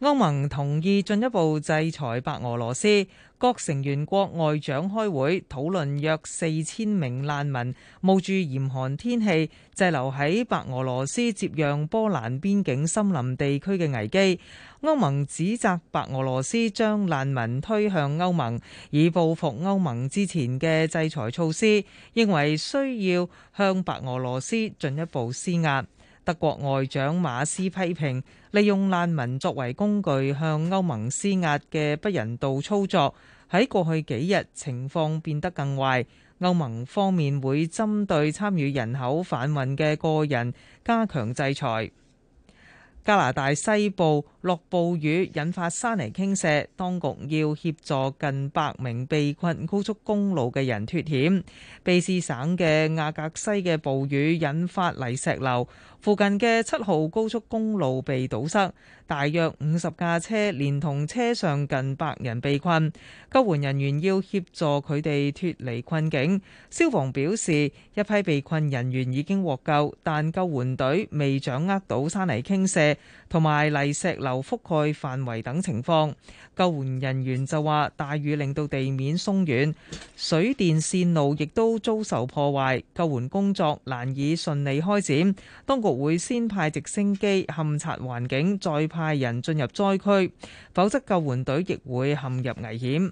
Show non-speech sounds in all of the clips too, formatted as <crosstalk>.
歐盟同意進一步制裁白俄羅斯。各成員國外長開會，討論約四千名難民冒住嚴寒天氣，滯留喺白俄羅斯接壤波蘭邊境森林地區嘅危機。歐盟指責白俄羅斯將難民推向歐盟，以報復歐盟之前嘅制裁措施，認為需要向白俄羅斯進一步施壓。德國外長馬斯批評利用難民作為工具向歐盟施壓嘅不人道操作，喺過去幾日情況變得更壞。歐盟方面會針對參與人口販運嘅個人加強制裁。加拿大西部落暴雨，引發山泥傾瀉，當局要協助近百名被困高速公路嘅人脱險。卑詩省嘅亞格西嘅暴雨引發泥石流。附近嘅七號高速公路被堵塞，大約五十架車連同車上近百人被困。救援人員要協助佢哋脫離困境。消防表示，一批被困人員已經獲救，但救援隊未掌握到山泥傾瀉同埋泥石流覆蓋範圍等情況。救援人員就話：大雨令到地面鬆軟，水電線路亦都遭受破壞，救援工作難以順利開展。當局國會先派直升機勘察環境，再派人進入災區，否則救援隊亦會陷入危險。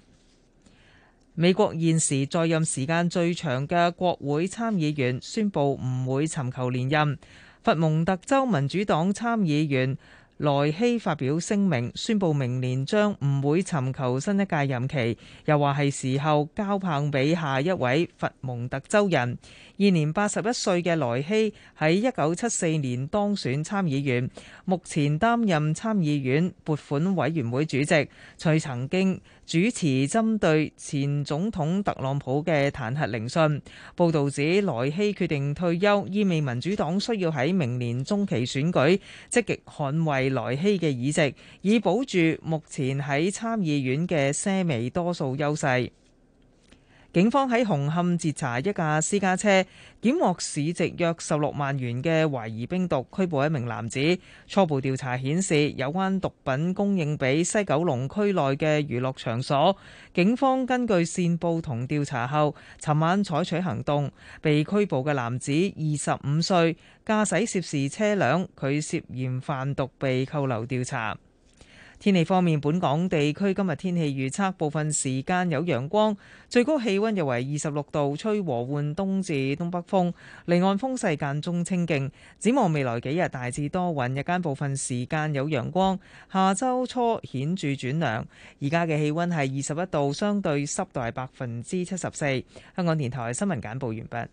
美國現時在任時間最長嘅國會參議員宣布唔會尋求連任。佛蒙特州民主黨參議員萊希發表聲明，宣布明年將唔會尋求新一屆任期，又話係時候交棒俾下一位佛蒙特州人。現年八十一歲嘅萊希喺一九七四年當選參議員，目前擔任參議院撥款委員會主席，佢曾經主持針對前總統特朗普嘅彈劾聆訊。報導指萊希決定退休，意味民主黨需要喺明年中期選舉積極捍衛萊希嘅議席，以保住目前喺參議院嘅些微多數優勢。警方喺紅磡截查一架私家車，檢獲市值約十六萬元嘅懷疑冰毒，拘捕一名男子。初步調查顯示，有關毒品供應俾西九龍區內嘅娛樂場所。警方根據綫報同調查後，尋晚採取行動，被拘捕嘅男子二十五歲，駕駛涉事車輛，佢涉嫌販毒被扣留調查。天氣方面，本港地區今日天，天氣預測，部分時間有陽光，最高氣溫約為二十六度，吹和緩東至東北風。離岸風勢間中清勁。展望未來幾日大致多雲，日間部分時間有陽光。下周初顯著轉涼。而家嘅氣溫係二十一度，相對濕度係百分之七十四。香港電台新聞簡報完畢。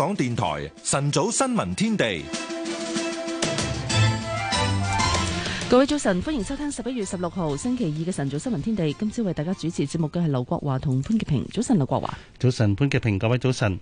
港電台晨早新聞天地，各位早晨，歡迎收聽十一月十六號星期二嘅晨早新聞天地。今朝為大家主持節目嘅係劉國華同潘潔平。早晨，劉國華。早晨，潘潔平。各位早晨。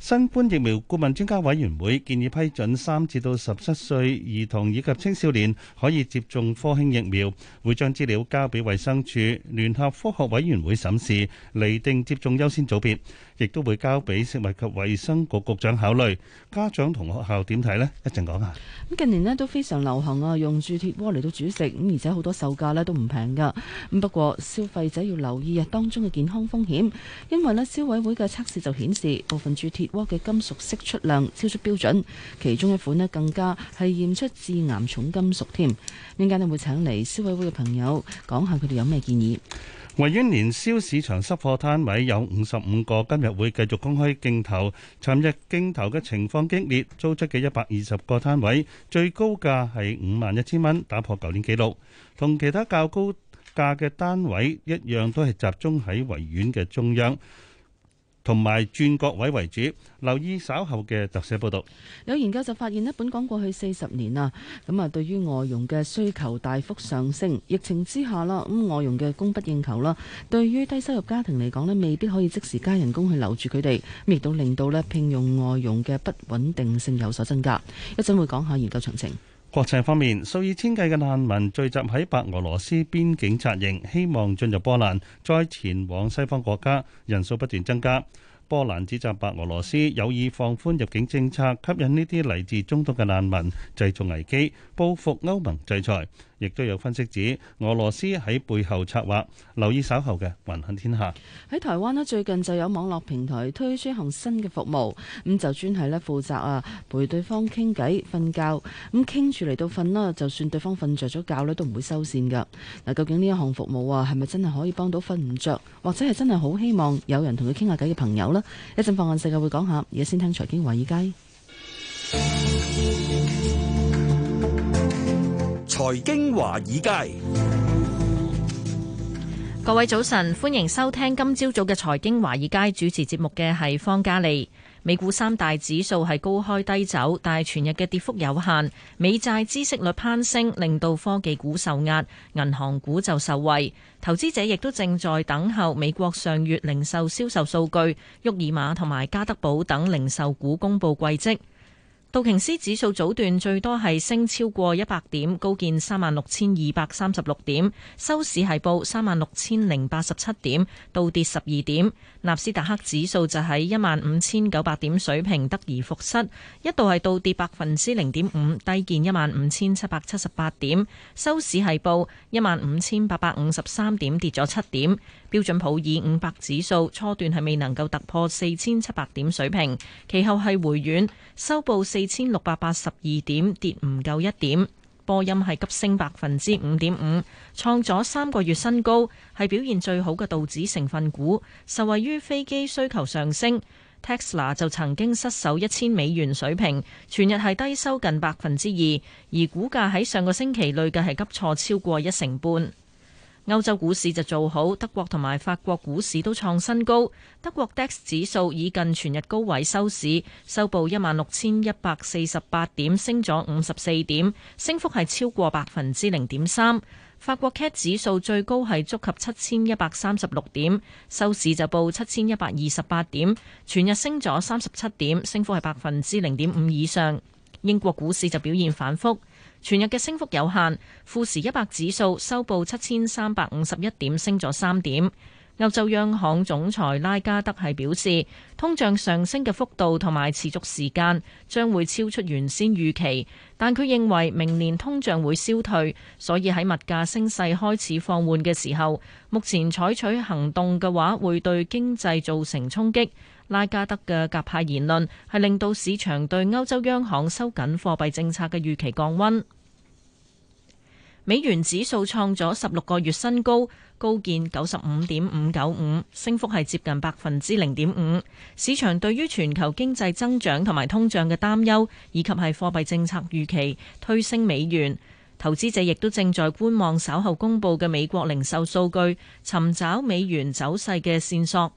新冠疫苗顧問專家委員會建議批准三至到十七歲兒童以及青少年可以接種科興疫苗，會將資料交俾衛生署聯合科學委員會審視，厘定接種優先組別，亦都會交俾食物及衛生局局長考慮。家長同學校點睇咧？一陣講下。咁近年咧都非常流行啊，用鑄鐵鍋嚟到煮食，咁而且好多售價咧都唔平噶。咁不過消費者要留意啊當中嘅健康風險，因為咧消委會嘅測試就顯示部分鑄鐵窩嘅金屬釋出量超出標準，其中一款咧更加係驗出致癌重金屬添。邊間咧會請嚟消委會嘅朋友講下佢哋有咩建議？維園年宵市場濕貨攤位有五十五個，今日會繼續公開競投。尋日競投嘅情況激烈，租出嘅一百二十個攤位，最高價係五萬一千蚊，打破舊年紀錄。同其他較高價嘅單位一樣，都係集中喺維園嘅中央。同埋轉角位為主，留意稍後嘅特寫報道。有研究就發現呢，本港過去四十年啊，咁啊對於外傭嘅需求大幅上升，疫情之下啦，咁外傭嘅供不應求啦，對於低收入家庭嚟講呢，未必可以即時加人工去留住佢哋，亦都令到呢聘用外傭嘅不穩定性有所增加。一陣會講下研究詳情。國際方面，數以千計嘅難民聚集喺白俄羅斯邊境紮營，希望進入波蘭，再前往西方國家，人數不斷增加。波蘭指責白俄羅斯有意放寬入境政策，吸引呢啲嚟自中東嘅難民，製造危機，報復歐盟制裁。亦都有分析指，俄羅斯喺背後策劃。留意稍後嘅雲行天下。喺台灣咧，最近就有網絡平台推出一項新嘅服務，咁就專係咧負責啊陪對方傾偈、瞓覺，咁傾住嚟到瞓啦，就算對方瞓着咗覺咧都唔會收線噶。嗱，究竟呢一項服務啊，係咪真係可以幫到瞓唔着，或者係真係好希望有人同佢傾下偈嘅朋友呢？一陣放眼世界會講下，而家先聽財經華爾街。財經華爾街，各位早晨，歡迎收聽今朝早嘅財經華爾街主持節目嘅係方嘉利。美股三大指數係高開低走，但係全日嘅跌幅有限。美債孳息率攀升，令到科技股受壓，銀行股就受惠。投資者亦都正在等候美國上月零售銷售數據、沃爾瑪同埋家得寶等零售股公布季績。道瓊斯指數早段最多係升超過一百點，高見三萬六千二百三十六點，收市係報三萬六千零八十七點，倒跌十二點。納斯達克指數就喺一萬五千九百點水平得而復失，一度係倒跌百分之零點五，低見一萬五千七百七十八點，收市係報一萬五千八百五十三點，跌咗七點。標準普爾五百指數初段係未能夠突破四千七百點水平，其後係回軟，收報四千六百八十二點，跌唔夠一點。波音係急升百分之五點五，創咗三個月新高，係表現最好嘅道指成分股，受惠於飛機需求上升。Tesla 就曾經失守一千美元水平，全日係低收近百分之二，而股價喺上個星期累計係急挫超過一成半。歐洲股市就做好，德國同埋法國股市都創新高。德國 DAX 指數以近全日高位收市，收報一萬六千一百四十八點，升咗五十四點，升幅係超過百分之零點三。法國 CAC 指數最高係觸及七千一百三十六點，收市就報七千一百二十八點，全日升咗三十七點，升幅係百分之零點五以上。英國股市就表現反覆。全日嘅升幅有限，富時一百指數收報七千三百五十一點，升咗三點。歐洲央行總裁拉加德係表示，通脹上升嘅幅度同埋持續時間將會超出原先預期，但佢認為明年通脹會消退，所以喺物價升勢開始放緩嘅時候，目前採取行動嘅話，會對經濟造成衝擊。拉加德嘅鴿派言論係令到市場對歐洲央行收緊貨幣政策嘅預期降溫。美元指數創咗十六個月新高，高見九十五點五九五，升幅係接近百分之零點五。市場對於全球經濟增長同埋通脹嘅擔憂，以及係貨幣政策預期，推升美元。投資者亦都正在觀望稍後公布嘅美國零售數據，尋找美元走勢嘅線索。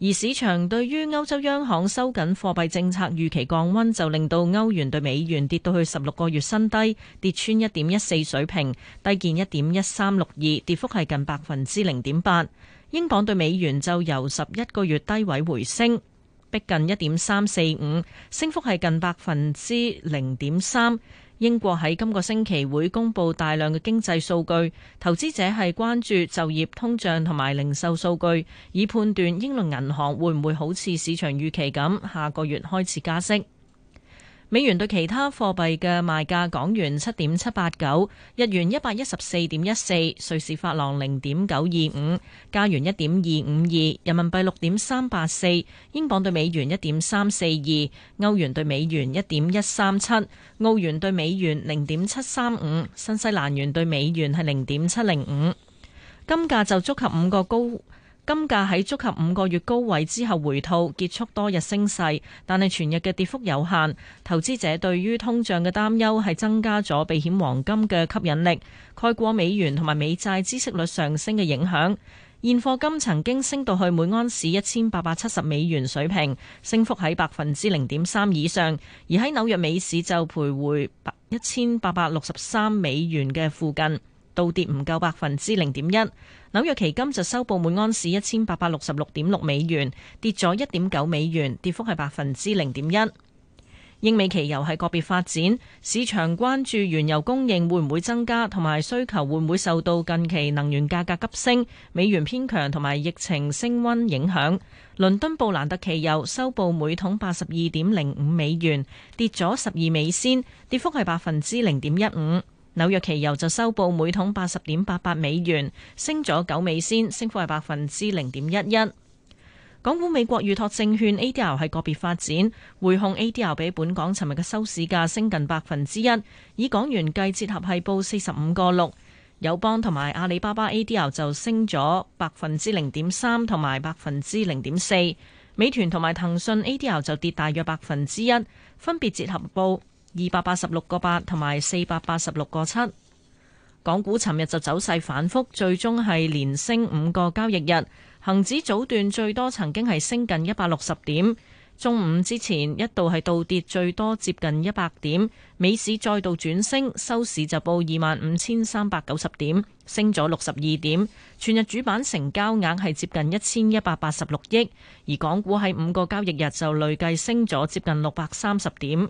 而市場對於歐洲央行收緊貨幣政策預期降溫，就令到歐元對美元跌到去十六個月新低，跌穿一點一四水平，低見一點一三六二，跌幅係近百分之零點八。英鎊對美元就由十一個月低位回升，逼近一點三四五，升幅係近百分之零點三。英國喺今個星期會公布大量嘅經濟數據，投資者係關注就業、通脹同埋零售數據，以判斷英倫銀行會唔會好似市場預期咁，下個月開始加息。美元對其他貨幣嘅賣價：港元七點七八九，日元一百一十四點一四，瑞士法郎零點九二五，加元一點二五二，人民幣六點三八四，英鎊對美元一點三四二，歐元對美元一點一三七，澳元對美元零點七三五，新西蘭元對美元係零點七零五。金價就觸及五個高。金價喺觸及五個月高位之後回吐，結束多日升勢，但係全日嘅跌幅有限。投資者對於通脹嘅擔憂係增加咗避險黃金嘅吸引力，蓋過美元同埋美債孳息率上升嘅影響。現貨金曾經升到去每盎司一千八百七十美元水平，升幅喺百分之零點三以上，而喺紐約美市就徘徊一千八百六十三美元嘅附近。到跌唔夠百分之零點一，紐約期金就收報每安士一千八百六十六點六美元，跌咗一點九美元，跌幅係百分之零點一。英美期油係個別發展，市場關注原油供應會唔會增加，同埋需求會唔會受到近期能源價格急升、美元偏強同埋疫情升溫影響。倫敦布蘭特期油收報每桶八十二點零五美元，跌咗十二美仙，跌幅係百分之零點一五。紐約期油就收報每桶八十點八八美元，升咗九美仙，升幅係百分之零點一一。港股美國預託證券 ADR 係個別發展，匯控 ADR 比本港尋日嘅收市價升近百分之一，以港元計折合係報四十五個六。友邦同埋阿里巴巴 ADR 就升咗百分之零點三同埋百分之零點四，美團同埋騰訊 ADR 就跌大約百分之一，分別折合報，二百八十六個八同埋四百八十六個七，港股尋日就走勢反覆，最終係連升五個交易日。恒指早段最多曾經係升近一百六十點，中午之前一度係倒跌最多接近一百點。美市再度轉升，收市就報二萬五千三百九十點，升咗六十二點。全日主板成交額係接近一千一百八十六億，而港股喺五個交易日就累計升咗接近六百三十點。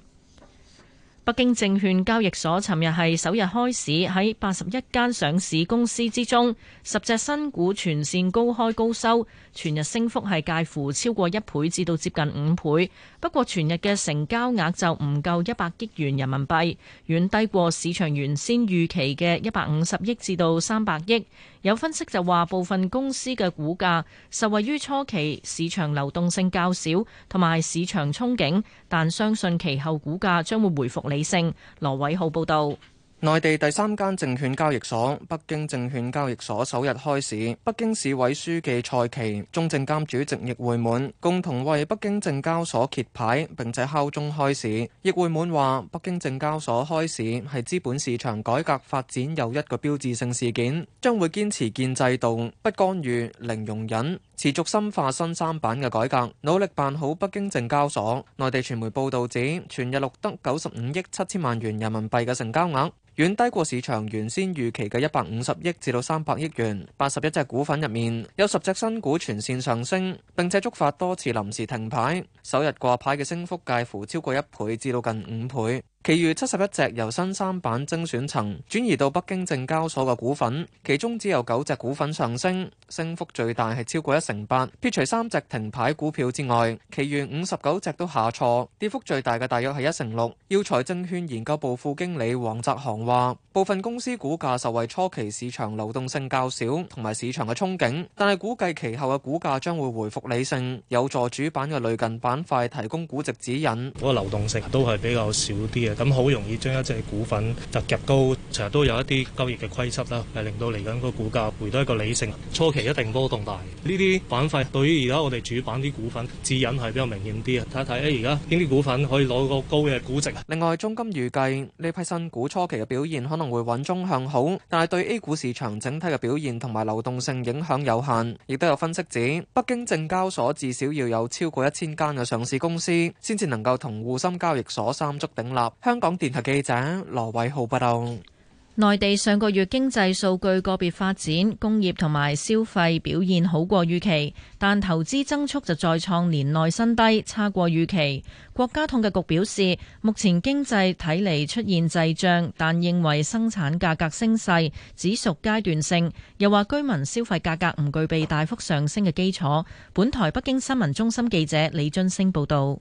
北京證券交易所尋日係首日開市，喺八十一間上市公司之中，十隻新股全線高開高收，全日升幅係介乎超過一倍至到接近五倍。不過，全日嘅成交額就唔夠一百億元人民幣，遠低過市場原先預期嘅一百五十億至到三百億。有分析就話，部分公司嘅股價受惠於初期市場流動性較少同埋市場憧憬，但相信其後股價將會回復理性。羅偉浩報導。內地第三間證券交易所北京證券交易所首日開市，北京市委書記蔡奇、中證監主席易會滿共同為北京證交所揭牌並且敲鐘開市。易會滿話：北京證交所開市係資本市場改革發展又一個標誌性事件，將會堅持建制度、不干預、零容忍。持續深化新三板嘅改革，努力辦好北京證交所。內地傳媒報導指，全日錄得九十五億七千萬元人民幣嘅成交額，遠低過市場原先預期嘅一百五十億至到三百億元。八十一隻股份入面，有十隻新股全線上升，並且觸發多次臨時停牌。首日掛牌嘅升幅介乎超過一倍至到近五倍。其餘七十一隻由新三板精選層轉移到北京證交所嘅股份，其中只有九隻股份上升，升幅最大係超過一成八。撇除三隻停牌股票之外，其餘五十九隻都下挫，跌幅最大嘅大約係一成六。耀才證券研究部副經理黃澤航話：部分公司股價受惠初期市場流動性較少同埋市場嘅憧憬，但係估計其後嘅股價將會回復理性，有助主板嘅類近板塊提供估值指引。嗰個流動性都係比較少啲嘅。咁好、嗯、容易將一隻股份就夾高，成日都有一啲交易嘅規則啦，係令到嚟緊個股價回到一個理性。初期一定波動大，呢啲板塊對於而家我哋主板啲股份指引係比較明顯啲啊！睇一睇誒，而家邊啲股份可以攞個高嘅估值啊？另外，中金預計呢批新股初期嘅表現可能會穩中向好，但係對 A 股市場整體嘅表現同埋流動性影響有限。亦都有分析指，北京證交所至少要有超過一千間嘅上市公司，先至能夠同滬深交易所三足鼎立。香港電台記者羅偉浩報道：內地上個月經濟數據個別發展，工業同埋消費表現好過預期，但投資增速就再創年內新低，差過預期。國家統計局表示，目前經濟睇嚟出現滯脹，但認為生產價格升勢只屬階段性，又話居民消費價格唔具備大幅上升嘅基礎。本台北京新聞中心記者李津升報道。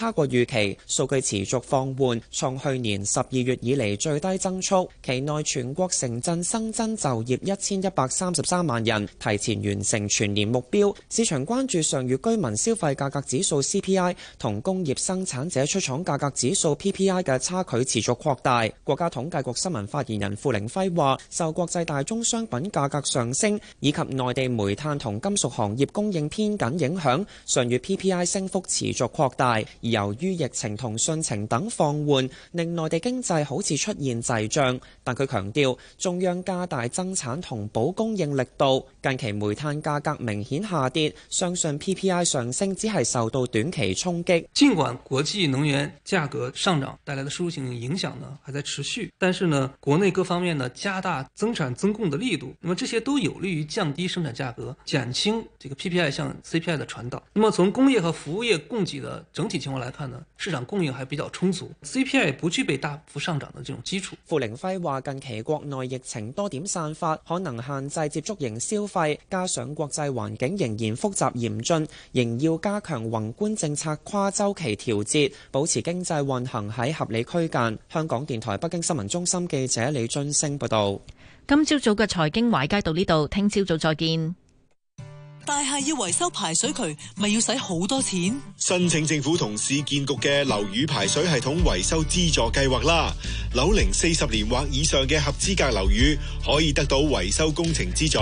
差過預期，數據持續放緩，創去年十二月以嚟最低增速。期內全國城鎮新增就業一千一百三十三萬人，提前完成全年目標。市場關注上月居民消費價格指數 CPI 同工業生產者出廠價格指數 PPI 嘅差距持續擴大。國家統計局新聞發言人傅凌輝話，受國際大宗商品價格上升以及內地煤炭同金屬行業供應偏緊影響，上月 PPI 升幅持續擴大。由於疫情同汛情等放緩，令內地經濟好似出現滯脹。但佢強調中央加大增產同補供應力度。近期煤炭價格明顯下跌，相信 PPI 上升只係受到短期衝擊。儘管國際能源價格上漲帶來的輸入性影響呢還在持續，但是呢國內各方面呢加大增產增供的力度，那麼這些都有利於降低生產價格，減輕這個 PPI 向 CPI 的傳導。那麼從工業和服務業供給的整體情況。來看呢，市場供應還比較充足，CPI 不具備大幅上漲的這種基礎。傅凌輝話：近期國內疫情多點散發，可能限制接觸型消費，加上國際環境仍然複雜嚴峻，仍要加強宏觀政策跨周期調節，保持經濟運行喺合理區間。香港電台北京新聞中心記者李俊升報道。今朝早嘅財經快街到呢度，聽朝早再見。但係要維修排水渠，咪要使好多錢？申請政府同市建局嘅樓宇排水系統維修資助計劃啦！樓齡四十年或以上嘅合資格樓宇可以得到維修工程資助，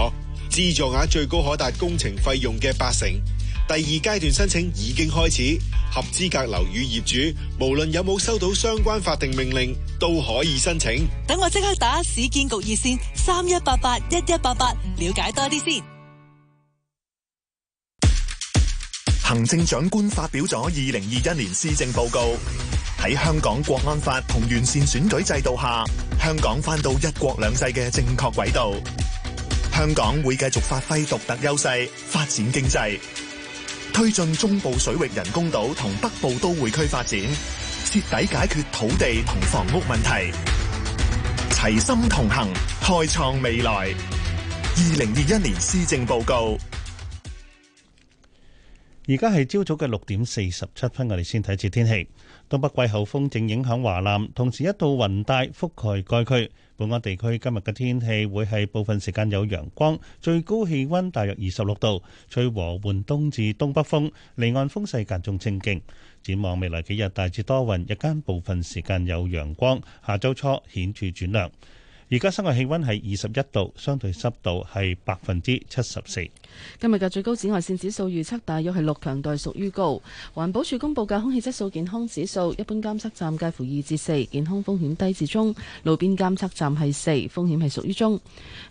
資助額最高可達工程費用嘅八成。第二階段申請已經開始，合資格樓宇業主無論有冇收到相關法定命令，都可以申請。等我即刻打市建局熱線三一八八一一八八，了解多啲先。行政長官發表咗二零二一年施政報告，喺香港國安法同完善選舉制度下，香港返到一國兩制嘅正確軌道。香港會繼續發揮獨特優勢，發展經濟，推進中部水域人工島同北部都會區發展，徹底解決土地同房屋問題，齊心同行，開創未來。二零二一年施政報告。而家係朝早嘅六點四十七分，我哋先睇次天氣。東北季候風正影響華南，同時一度雲帶覆蓋該區。本港地區今日嘅天氣會係部分時間有陽光，最高氣溫大約二十六度，吹和緩東至東北風，離岸風勢間中清勁。展望未來幾日大致多雲，日間部分時間有陽光。下周初顯著轉涼。而家室外氣溫係二十一度，相對濕度係百分之七十四。今日嘅最高紫外線指數預測大約係六，強度屬於高。環保署公布嘅空氣質素健康指數，一般監測站介乎二至四，健康風險低至中；路邊監測站係四，風險係屬於中。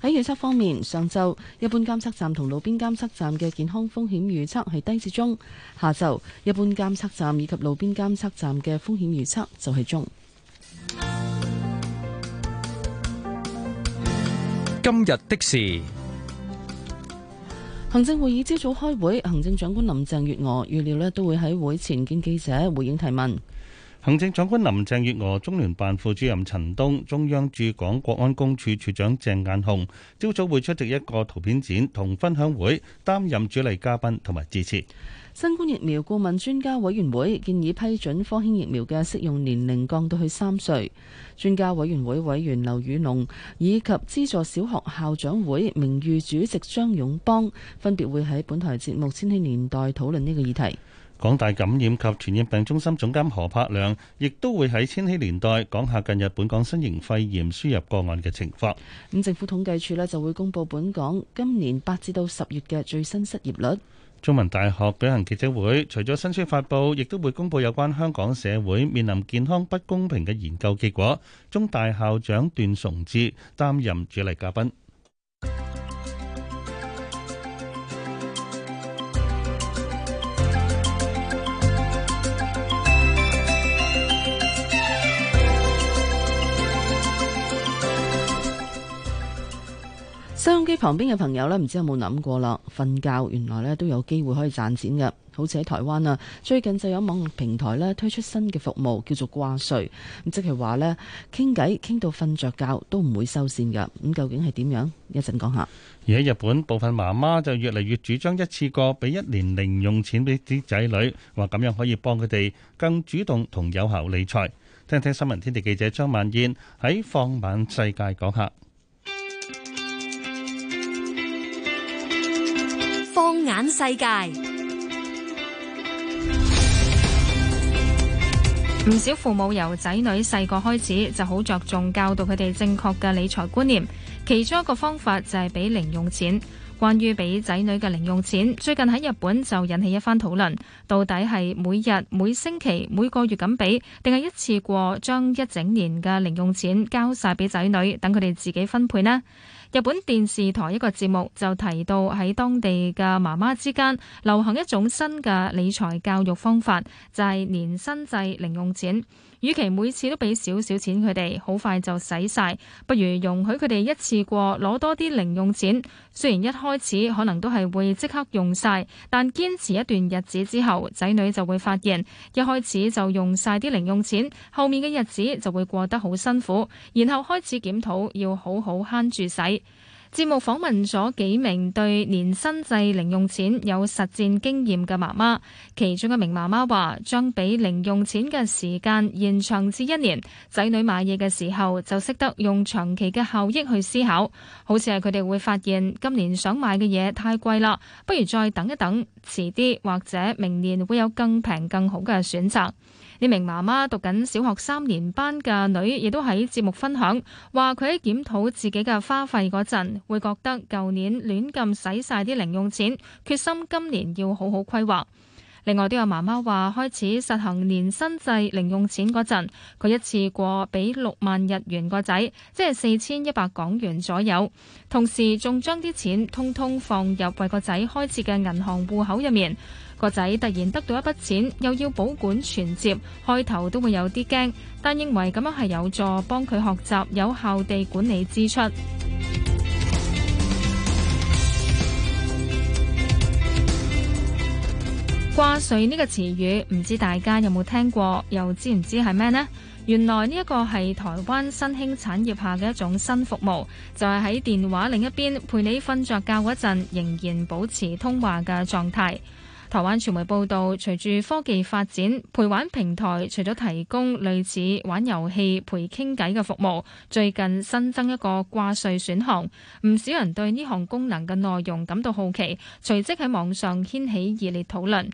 喺預測方面，上晝一般監測站同路邊監測站嘅健康風險預測係低至中；下晝一般監測站以及路邊監測站嘅風險預測就係中。今日的事，行政會議朝早開會，行政長官林鄭月娥預料呢都會喺會前見記者回應提問。行政長官林鄭月娥、中聯辦副主任陳東、中央駐港國安公署署長鄭雁雄，朝早會出席一個圖片展同分享會，擔任主禮嘉賓同埋致辭。新冠疫苗顧問專家委員會建議批准科興疫苗嘅適用年齡降到去三歲，專家委員會委員劉宇龍以及資助小學校長會名譽主席張勇邦分別會喺本台節目《千禧年代》討論呢個議題，港大感染及傳染病中心總監何柏良亦都會喺《千禧年代》講下近日本港新型肺炎輸入個案嘅情況，咁政府統計處咧就會公布本港今年八至到十月嘅最新失業率。中文大學舉行記者會，除咗新書發布，亦都會公布有關香港社會面臨健康不公平嘅研究結果。中大校長段崇智擔任主禮嘉賓。收音機旁邊嘅朋友呢，唔知有冇諗過啦？瞓覺原來呢都有機會可以賺錢㗎，好似喺台灣啊，最近就有網絡平台呢推出新嘅服務，叫做掛睡，咁即係話呢傾偈傾到瞓着覺都唔會收線噶。咁究竟係點樣？一陣講下。而喺日本，部分媽媽就越嚟越主張一次過俾一年零用錢俾啲仔女，話咁樣可以幫佢哋更主動同有效理財。聽聽新聞天地記者張曼燕喺放慢世界講下。世界，唔少父母由仔女細個開始，就好着重教導佢哋正確嘅理財觀念。其中一個方法就係俾零用錢。關於俾仔女嘅零用錢，最近喺日本就引起一番討論。到底係每日、每星期、每個月咁俾，定係一次過將一整年嘅零用錢交晒俾仔女，等佢哋自己分配呢？日本電視台一個節目就提到喺當地嘅媽媽之間流行一種新嘅理財教育方法，就係年薪制零用錢。與其每次都俾少少錢佢哋，好快就使晒。不如容許佢哋一次過攞多啲零用錢。雖然一開始可能都係會即刻用晒，但堅持一段日子之後，仔女就會發現，一開始就用晒啲零用錢，後面嘅日子就會過得好辛苦，然後開始檢討要好好慳住使。節目訪問咗幾名對年薪制零用錢有實戰經驗嘅媽媽，其中一名媽媽話：將俾零用錢嘅時間延長至一年，仔女買嘢嘅時候就識得用長期嘅效益去思考。好似係佢哋會發現今年想買嘅嘢太貴啦，不如再等一等，遲啲或者明年會有更平更好嘅選擇。呢名媽媽讀緊小學三年班嘅女，亦都喺節目分享，話佢喺檢討自己嘅花費嗰陣，會覺得舊年亂咁使晒啲零用錢，決心今年要好好規劃。另外都有媽媽話，開始實行年薪制零用錢嗰陣，佢一次過俾六萬日元個仔，即係四千一百港元左右，同時仲將啲錢通通放入為個仔開設嘅銀行戶口入面。個仔突然得到一筆錢，又要保管存摺，開頭都會有啲驚，但認為咁樣係有助幫佢學習，有效地管理支出。掛睡呢個詞語，唔知大家有冇聽過，又知唔知係咩呢？原來呢一個係台灣新興產業下嘅一種新服務，就係、是、喺電話另一邊陪你瞓着覺嗰陣，仍然保持通話嘅狀態。台灣傳媒報道，隨住科技發展，陪玩平台除咗提供類似玩遊戲陪傾偈嘅服務，最近新增一個掛睡選項，唔少人對呢項功能嘅內容感到好奇，隨即喺網上掀起熱烈討論。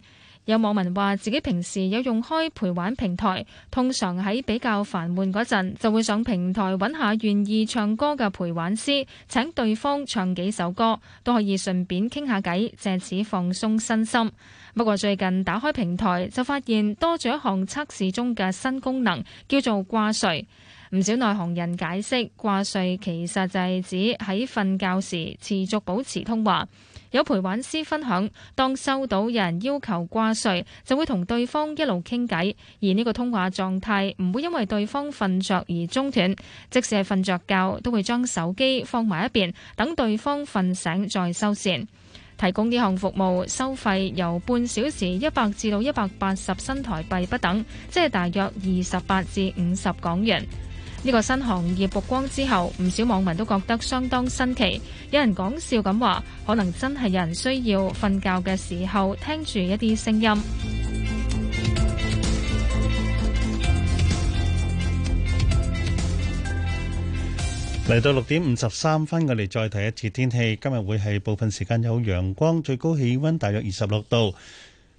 有網民話，自己平時有用開陪玩平台，通常喺比較煩悶嗰陣，就會上平台揾下願意唱歌嘅陪玩師，請對方唱幾首歌，都可以順便傾下偈，借此放鬆身心。不過最近打開平台就發現多咗一項測試中嘅新功能，叫做掛睡。唔少內行人解釋，掛睡其實就係指喺瞓覺時持續保持通話。有陪玩師分享，當收到人要求掛睡，就會同對方一路傾偈，而呢個通話狀態唔會因為對方瞓着而中斷，即使係瞓着覺都會將手機放埋一邊，等對方瞓醒再收線。提供呢項服務，收費由半小時一百至到一百八十新台幣不等，即係大約二十八至五十港元。呢個新行業曝光之後，唔少網民都覺得相當新奇，有人講笑咁話，可能真係有人需要瞓覺嘅時候聽住一啲聲音。嚟到六點五十三分，我哋再睇一次天氣，今日會係部分時間有陽光，最高氣溫大約二十六度。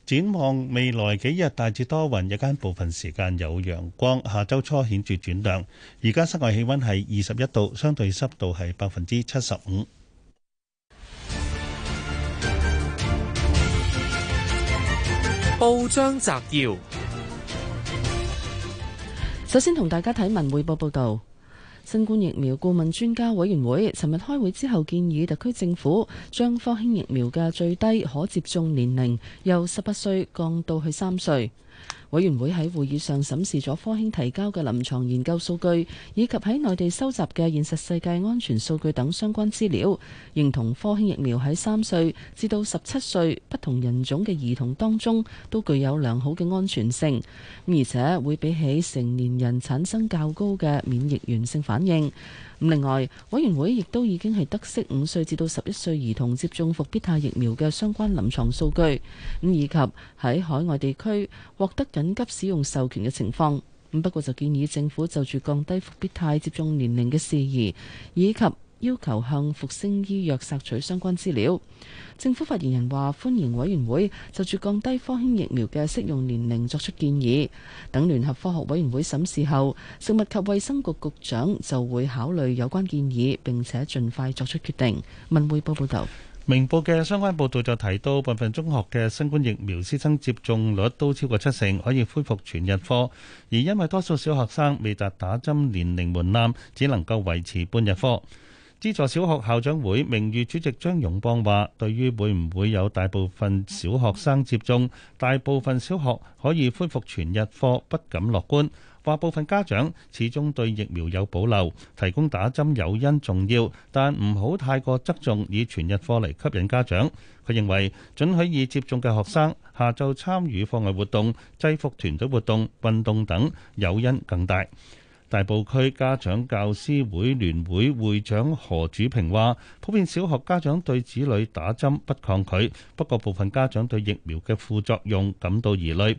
展望未來幾日，大致多雲，日間部分時間有陽光。下周初顯著轉涼。而家室外氣溫係二十一度，相對濕度係百分之七十五。報章摘要：首先同大家睇文匯報報道。新冠疫苗顧問專家委員會尋日開會之後，建議特區政府將科興疫苗嘅最低可接種年齡，由十八歲降到去三歲。委員會喺會議上審視咗科興提交嘅臨床研究數據，以及喺內地收集嘅現實世界安全數據等相關資料，認同科興疫苗喺三歲至到十七歲不同人種嘅兒童當中都具有良好嘅安全性，而且會比起成年人產生較高嘅免疫原性反應。咁另外，委員會亦都已經係得悉五歲至到十一歲兒童接種復必泰疫苗嘅相關臨床數據，咁以及喺海外地區獲得緊急使用授權嘅情況。咁不過就建議政府就住降低復必泰接種年齡嘅事宜，以及要求向復星醫藥索取相關資料。政府發言人話：歡迎委員會就住降低科興疫苗嘅適用年齡作出建議，等聯合科學委員會審視後，食物及衛生局局長就會考慮有關建議，並且盡快作出決定。文匯報報道，明報嘅相關報道就提到，部分中學嘅新冠疫苗師生接種率都超過七成，可以恢復全日課，而因為多數小學生未達打針年齡門檻，只能夠維持半日課。資助小學校長會名譽主席張勇邦話，對於會唔會有大部分小學生接種，大部分小學可以恢復全日課，不敢樂觀。話部分家長始終對疫苗有保留，提供打針誘因重要，但唔好太過側重以全日課嚟吸引家長。佢認為，准許已接種嘅學生下晝參與課外活動、制服團隊活動、運動等誘因更大。大埔區家長教師會聯會會長何主平話，普遍小學家長對子女打針不抗拒，不過部分家長對疫苗嘅副作用感到疑慮。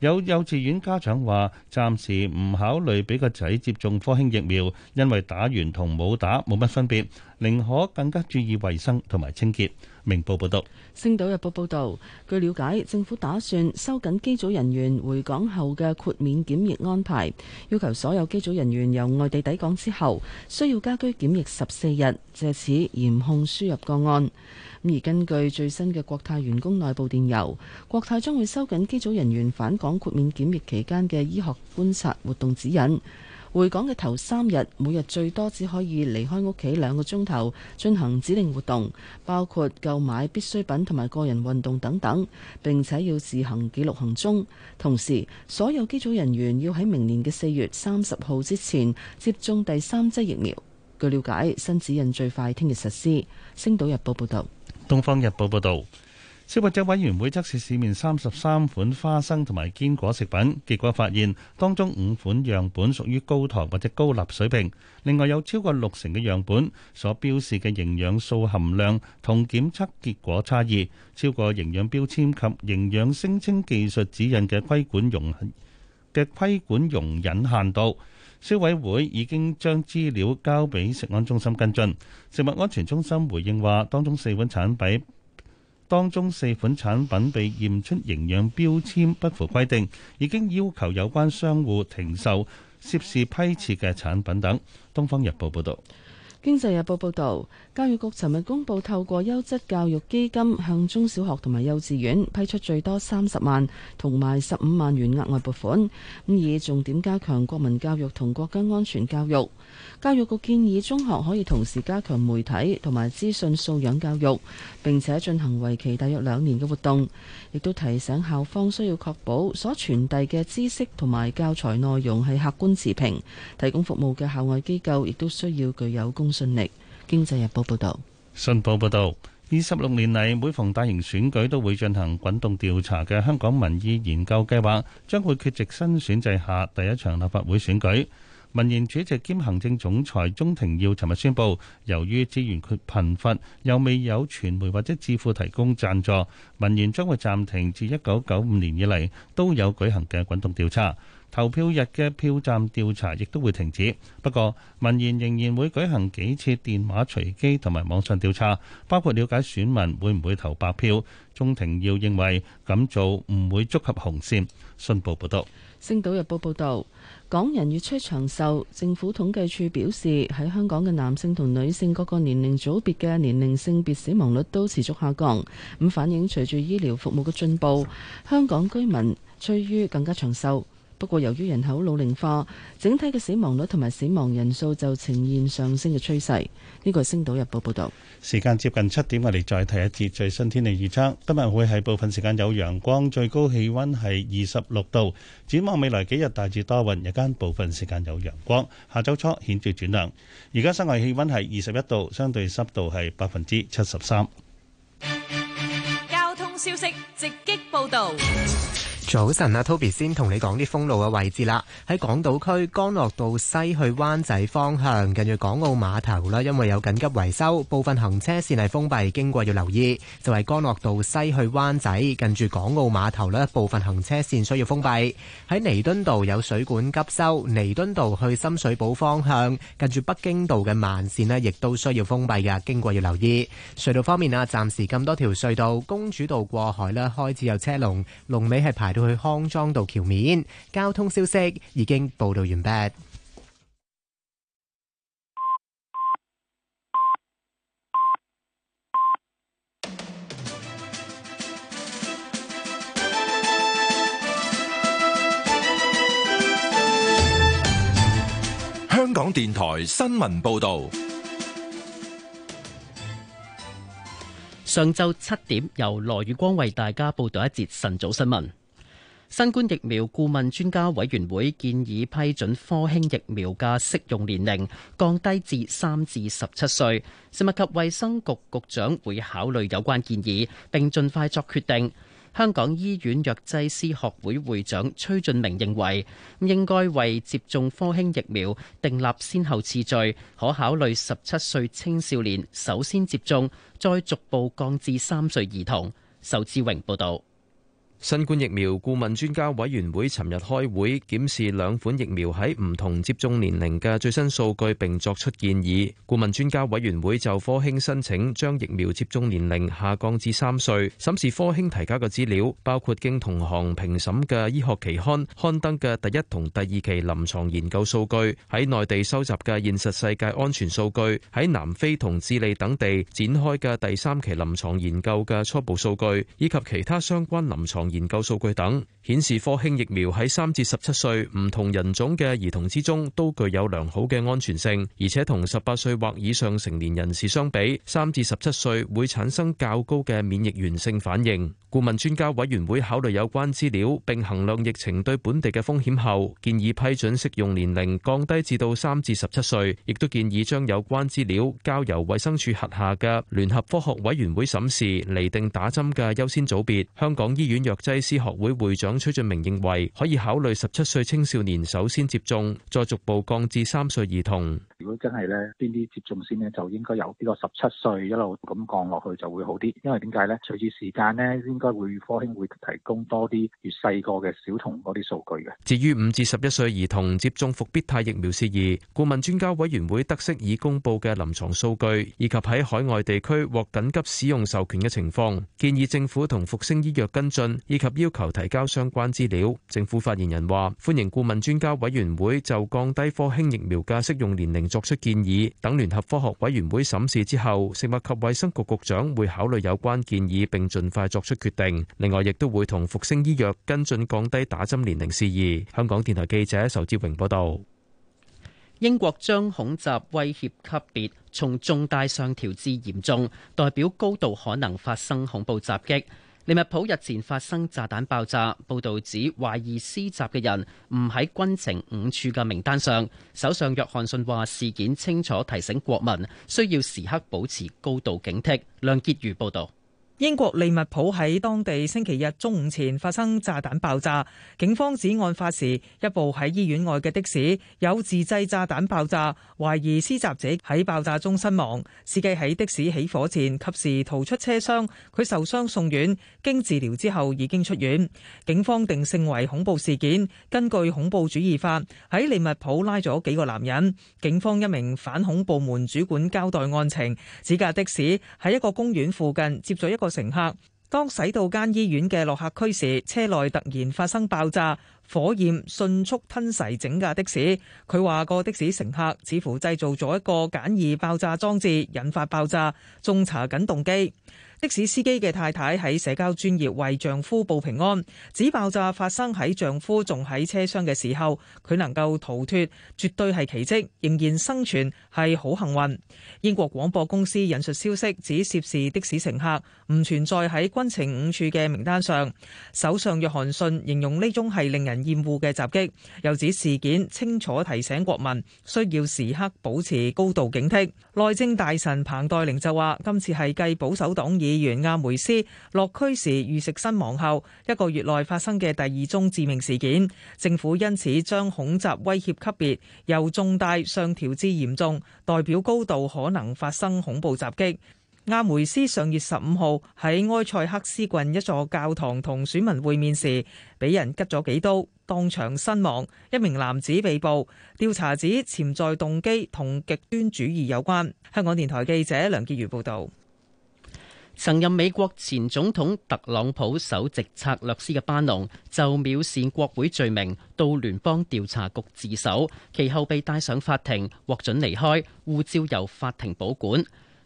有幼稚園家長話，暫時唔考慮俾個仔接種科興疫苗，因為打完同冇打冇乜分別。寧可更加注意衛生同埋清潔。明報報導，《星島日報》報導，據了解，政府打算收緊機組人員回港後嘅豁免檢疫安排，要求所有機組人員由外地抵港之後，需要家居檢疫十四日，借此嚴控輸入個案。咁而根據最新嘅國泰員工內部電郵，國泰將會收緊機組人員返港豁免檢疫期間嘅醫學觀察活動指引。回港嘅頭三日，每日最多只可以離開屋企兩個鐘頭，進行指定活動，包括購買必需品同埋個人運動等等。並且要自行記錄行蹤。同時，所有機組人員要喺明年嘅四月三十號之前接種第三劑疫苗。據了解，新指引最快聽日實施。星島日報報道。東方日報報道。消費者委員會測試市面三十三款花生同埋堅果食品，結果發現當中五款樣本屬於高糖或者高鈉水平，另外有超過六成嘅樣本所標示嘅營養素含量同檢測結果差異超過營養標籤及營養聲稱技術指引嘅規管容嘅規管容忍限度。消委會已經將資料交俾食安中心跟進。食物安全中心回應話，當中四款產品。當中四款產品被驗出營養標籤不符規定，已經要求有關商戶停售涉事批次嘅產品等。《東方日報》報導，《經濟日報》報導，教育局尋日公布透過優質教育基金向中小學同埋幼稚園批出最多三十萬同埋十五萬元額外撥款，咁以重點加強國民教育同國家安全教育。教育局建議中學可以同時加強媒體同埋資訊素養教育，並且進行為期大約兩年嘅活動。亦都提醒校方需要確保所傳遞嘅知識同埋教材內容係客觀持平。提供服務嘅校外機構亦都需要具有公信力。經濟日報報道，信報報道，二十六年嚟每逢大型選舉都會進行滾動調查嘅香港民意研究計劃，將會缺席新選制下第一場立法會選舉。民研主席兼行政總裁鍾庭耀尋日宣布，由於資源缺乏，又未有傳媒或者智庫提供贊助，民研將會暫停自一九九五年以嚟都有舉行嘅滾動調查，投票日嘅票站調查亦都會停止。不過，民研仍然會舉行幾次電話隨機同埋網上調查，包括了解選民會唔會投白票。鍾庭耀認為咁做唔會觸及紅線。信報報道，《星島日報》報道。港人越出長壽，政府統計處表示，喺香港嘅男性同女性各個年齡組別嘅年齡性別死亡率都持續下降，咁反映隨住醫療服務嘅進步，香港居民趨於更加長壽。不過由於人口老齡化，整體嘅死亡率同埋死亡人數就呈現上升嘅趨勢。呢個係《星島日報》報道。時間接近七點，我哋再睇一次最新天氣預測。今日會係部分時間有陽光，最高氣溫係二十六度。展望未來幾日大致多雲，日間部分時間有陽光。下周初顯著轉涼。而家室外氣溫係二十一度，相對濕度係百分之七十三。交通消息直擊報道。早晨啊，Toby 先同你講啲封路嘅位置啦。喺港島區干諾道西去灣仔方向，近住港澳碼頭啦，因為有緊急維修，部分行車線係封閉，經過要留意。就係干諾道西去灣仔，近住港澳碼頭咧，部分行車線需要封閉。喺彌敦道有水管急修，彌敦道去深水埗方向，近住北京道嘅慢線咧，亦都需要封閉嘅，經過要留意。隧道方面啊，暫時咁多條隧道，公主道過海咧開始有車龍，龍尾係排到去康莊道橋面，交通消息已經報道完畢。香港電台新聞報道，上晝七點由羅宇光為大家報道一節晨早新聞。新冠疫苗顧問專家委員會建議批准科興疫苗嘅適用年齡降低至三至十七歲。食物及衛生局局長會考慮有關建議，並盡快作決定。香港醫院藥劑師學會會，會長崔俊明認為，應該為接種科興疫苗訂立先後次序，可考慮十七歲青少年首先接種，再逐步降至三歲兒童。仇志榮報道。新冠疫苗顧問專家委員會尋日開會檢視兩款疫苗喺唔同接種年齡嘅最新數據，並作出建議。顧問專家委員會就科興申請將疫苗接種年齡下降至三歲，審視科興提交嘅資料，包括經同行評審嘅醫學期刊刊登嘅第一同第二期臨床研究數據，喺內地收集嘅現實世界安全數據，喺南非同智利等地展開嘅第三期臨床研究嘅初步數據，以及其他相關臨床。研究數據等顯示，科興疫苗喺三至十七歲唔同人種嘅兒童之中都具有良好嘅安全性，而且同十八歲或以上成年人士相比，三至十七歲會產生較高嘅免疫原性反應。顧問專家委員會考慮有關資料，並衡量疫情對本地嘅風險後，建議批准適用年齡降低至到三至十七歲，亦都建議將有關資料交由衛生署轄下嘅聯合科學委員會審視，釐定打針嘅優先組別。香港醫院藥劑師學會會長崔俊明認為，可以考慮十七歲青少年首先接種，再逐步降至三歲兒童。如果真係呢，邊啲接種先呢，就應該由呢個十七歲一路咁降落去就會好啲，因為點解呢？隨住時間呢，應會科興會提供多啲越細個嘅小童嗰啲數據嘅。至於五至十一歲兒童接種復必泰疫苗事宜，顧問專家委員會得悉已公佈嘅臨床數據，以及喺海外地區獲緊急使用授權嘅情況，建議政府同復星醫藥跟進，以及要求提交相關資料。政府發言人話：歡迎顧問專家委員會就降低科興疫苗嘅適用年齡作出建議，等聯合科學委員會審視之後，食物及衛生局局長會考慮有關建議並盡快作出決定，另外亦都會同復星醫藥跟進降低打針年齡事宜。香港電台記者仇志榮報道。英國將恐襲威脅級別從重大上調至嚴重，代表高度可能發生恐怖襲擊。利物浦日前發生炸彈爆炸，報道指懷疑施襲嘅人唔喺軍情五處嘅名單上。首相約翰遜話事件清楚提醒國民需要時刻保持高度警惕。梁潔如報道。英國利物浦喺當地星期日中午前發生炸彈爆炸，警方指案發時一部喺醫院外嘅的，的士有自製炸彈爆炸，懷疑施襲者喺爆炸中身亡。司機喺的士起火前及時逃出車廂，佢受傷送院，經治療之後已經出院。警方定性為恐怖事件，根據恐怖主義法喺利物浦拉咗幾個男人。警方一名反恐部門主管交代案情，指架的士喺一個公園附近接咗一個。乘客，當駛到間醫院嘅落客區時，車內突然發生爆炸。火焰迅速吞噬整架的士。佢話個的士乘客似乎製造咗一個簡易爆炸裝置，引發爆炸，仲查緊動機。的士司機嘅太太喺社交專業為丈夫報平安，指爆炸發生喺丈夫仲喺車廂嘅時候，佢能夠逃脫絕對係奇蹟，仍然生存係好幸運。英國廣播公司引述消息指涉事的士乘客唔存在喺軍情五處嘅名單上。首相約翰遜形容呢宗係令人厭惡嘅襲擊，又指事件清楚提醒國民需要時刻保持高度警惕。內政大臣彭黛玲就話：今次係繼保守黨議員阿梅斯落區時遇食身亡後一個月內發生嘅第二宗致命事件。政府因此將恐襲威脅級別由重大上調至嚴重，代表高度可能發生恐怖襲擊。阿梅斯上月十五號喺埃塞克斯郡一座教堂同選民會面時，俾人拮咗幾刀，當場身亡。一名男子被捕，調查指潛在動機同極端主義有關。香港電台記者梁潔如報道：曾任美國前總統特朗普首席策略師嘅班農就藐視國會罪名到聯邦調查局自首，其後被帶上法庭獲准離開，護照由法庭保管。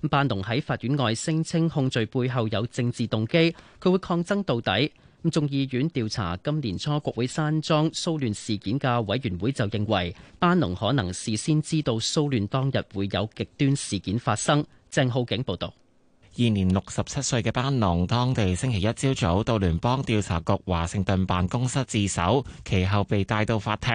班農喺法院外聲稱控罪背後有政治動機，佢會抗爭到底。咁眾議院調查今年初國會山莊騷亂事件嘅委員會就認為，班農可能事先知道騷亂當日會有極端事件發生。鄭浩景報道。現年六十七歲嘅班農，當地星期一朝早，早到聯邦調查局華盛頓辦公室自首，其後被帶到法庭。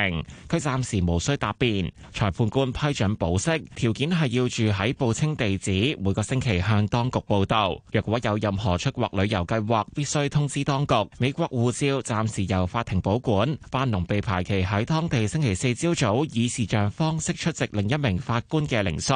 佢暫時無需答辯，裁判官批准保釋條件係要住喺報稱地址，每個星期向當局報到。若果有任何出國旅遊計劃，必須通知當局。美國護照暫時由法庭保管。班農被排期喺當地星期四朝早，早以視像方式出席另一名法官嘅聆訊。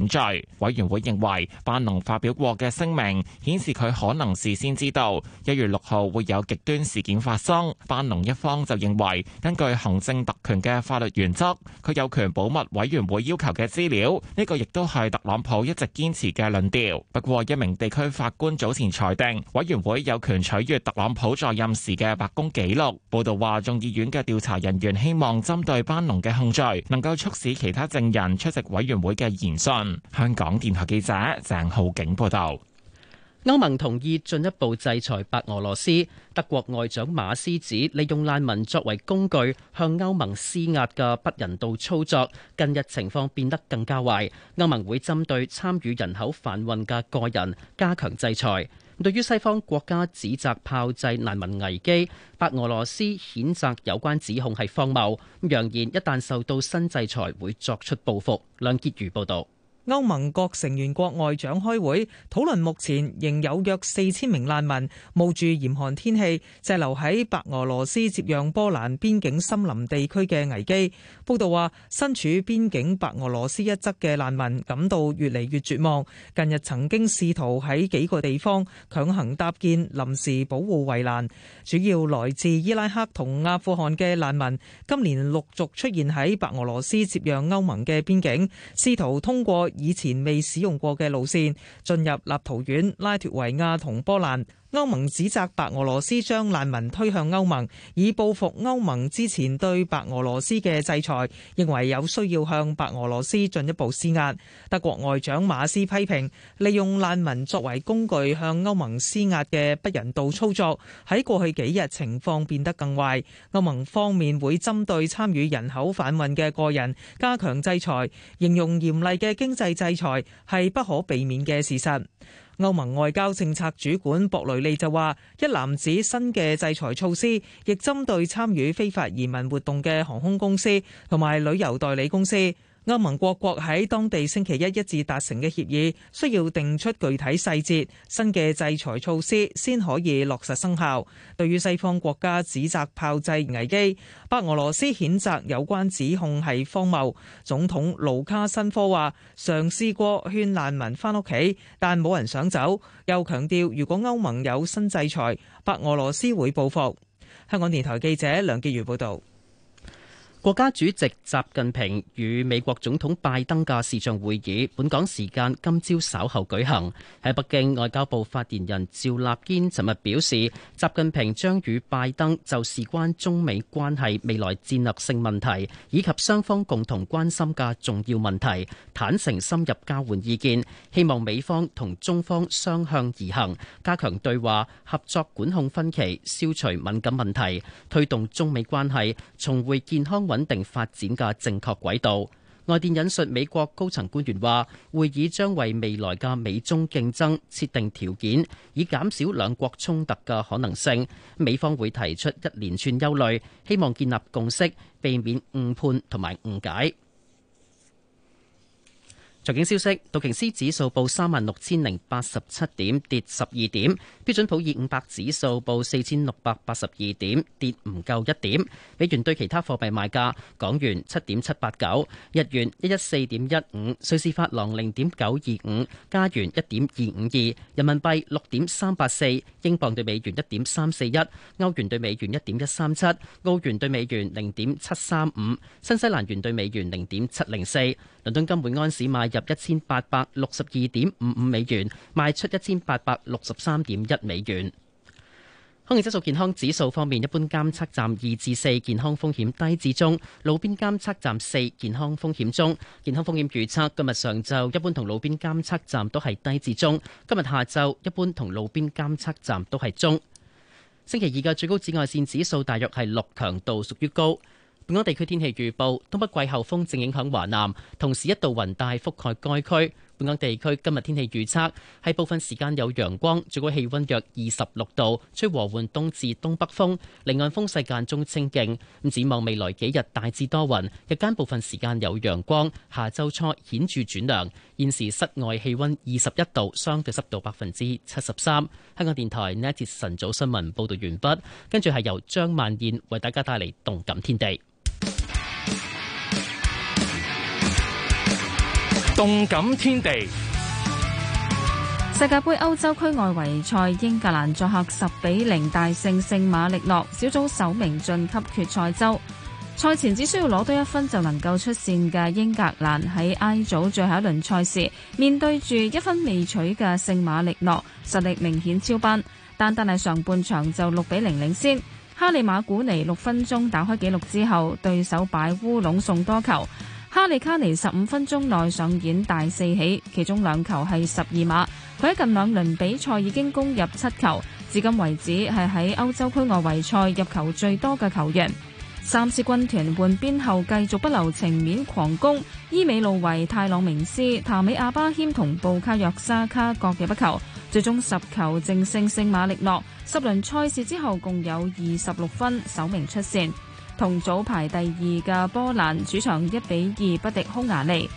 罪委員會認為，班農發表過嘅聲明顯示佢可能事先知道一月六號會有極端事件發生。班農一方就認為，根據行政特權嘅法律原則，佢有權保密委員會要求嘅資料。呢個亦都係特朗普一直堅持嘅論調。不過，一名地區法官早前裁定，委員會有權取閱特朗普在任時嘅白宮紀錄。報道話，眾議院嘅調查人員希望針對班農嘅控罪，能夠促使其他證人出席委員會嘅言訊。香港電台記者鄭浩景報道：歐盟同意進一步制裁白俄羅斯。德國外長馬斯指，利用難民作為工具向歐盟施壓嘅不人道操作，近日情況變得更加壞。歐盟會針對參與人口販運嘅個人加強制裁。對於西方國家指責炮製難民危機，白俄羅斯譴責有關指控係荒謬，揚言一旦受到新制裁會作出報復。梁潔如報道。歐盟各成員國外長開會討論，討論目前仍有約四千名難民冒住嚴寒天氣，滯留喺白俄羅斯接壤波蘭邊境森林地區嘅危機。報道話，身處邊境白俄羅斯一側嘅難民感到越嚟越絕望，近日曾經試圖喺幾個地方強行搭建臨時保護圍欄。主要來自伊拉克同阿富汗嘅難民，今年陸續出現喺白俄羅斯接壤歐盟嘅邊境，試圖通過。以前未使用過嘅路線，進入立陶宛、拉脱維亞同波蘭。歐盟指責白俄羅斯將難民推向歐盟，以報復歐盟之前對白俄羅斯嘅制裁，認為有需要向白俄羅斯進一步施壓。德國外長馬斯批評利用難民作為工具向歐盟施壓嘅不人道操作，喺過去幾日情況變得更壞。歐盟方面會針對參與人口販運嘅個人加強制裁，形容嚴厲嘅經濟制裁係不可避免嘅事實。歐盟外交政策主管博雷利就話：一男子新嘅制裁措施，亦針對參與非法移民活動嘅航空公司同埋旅遊代理公司。歐盟各國喺當地星期一一致達成嘅協議，需要定出具體細節，新嘅制裁措施先可以落實生效。對於西方國家指責炮製危機，白俄羅斯譴責有關指控係荒謬。總統盧卡申科話：嘗試過勸難民翻屋企，但冇人想走。又強調，如果歐盟有新制裁，白俄羅斯會報復。香港電台記者梁潔如報導。國家主席習近平與美國總統拜登嘅視像會議，本港時間今朝稍後舉行。喺北京，外交部發言人趙立堅尋日表示，習近平將與拜登就事關中美關係未來戰略性問題以及雙方共同關心嘅重要問題，坦誠深入交換意見，希望美方同中方相向而行，加強對話合作，管控分歧，消除敏感問題，推動中美關係重回健康。穩定發展嘅正確軌道。外電引述美國高層官員話，會議將為未來嘅美中競爭設定條件，以減少兩國衝突嘅可能性。美方會提出一連串憂慮，希望建立共識，避免誤判同埋誤解。財經消息：道瓊斯指數報三萬六千零八十七點，跌十二點，標準普爾五百指數報四千六百八十二點，跌唔夠一點，美元兌其他貨幣賣價，港元七點七八九，日元一一四點一五，瑞士法郎零點九二五，加元一點二五二，人民幣六點三八四，英鎊兌美元一點三四一，歐元兌美元一點一三七，澳元兌美元零點七三五，新西蘭元兌美元零點七零四。倫敦金每安士賣。入一千八百六十二點五五美元，賣出一千八百六十三點一美元。空氣質素健康指數方面，一般監測站二至四，健康風險低至中；路邊監測站四，健康風險中。健康風險預測今日上晝一般同路邊監測站都係低至中，今日下晝一般同路邊監測站都係中。星期二嘅最高紫外綫指數大約係六，強度屬於高。本港地區天氣預報：東北季候風正影響華南，同時一道雲帶覆蓋該區。本港地區今日天氣預測係部分時間有陽光，最高氣溫約二十六度，吹和緩東至東北風。離岸風勢間中清勁。咁展望未來幾日，大致多雲，日間部分時間有陽光。下周初顯著轉涼。現時室外氣溫二十一度，相對濕度百分之七十三。香港電台呢節晨早新聞報道完畢，跟住係由張曼燕為大家帶嚟動感天地。動感天地，世界杯歐洲區外圍賽，英格蘭作客十比零大勝聖馬力諾，小組首名晉級決賽周。賽前只需要攞多一分就能夠出線嘅英格蘭，喺 I 組最後一輪賽事面對住一分未取嘅聖馬力諾，實力明顯超班，單單係上半場就六比零領先。哈利馬古尼六分鐘打開紀錄之後，對手擺烏龍送多球。哈利卡尼十五分鐘內上演大四喜，其中兩球係十二碼。佢喺近兩輪比賽已經攻入七球，至今為止係喺歐洲區外圍賽入球最多嘅球員。三獅軍團換邊後繼續不留情面狂攻，伊美路維、泰朗明斯、塔美阿巴謙同布卡約沙卡各入一球，最終十球淨勝聖馬力諾。十輪賽事之後共有二十六分，首名出線。同組排第二嘅波蘭主場一比二不敵匈牙利。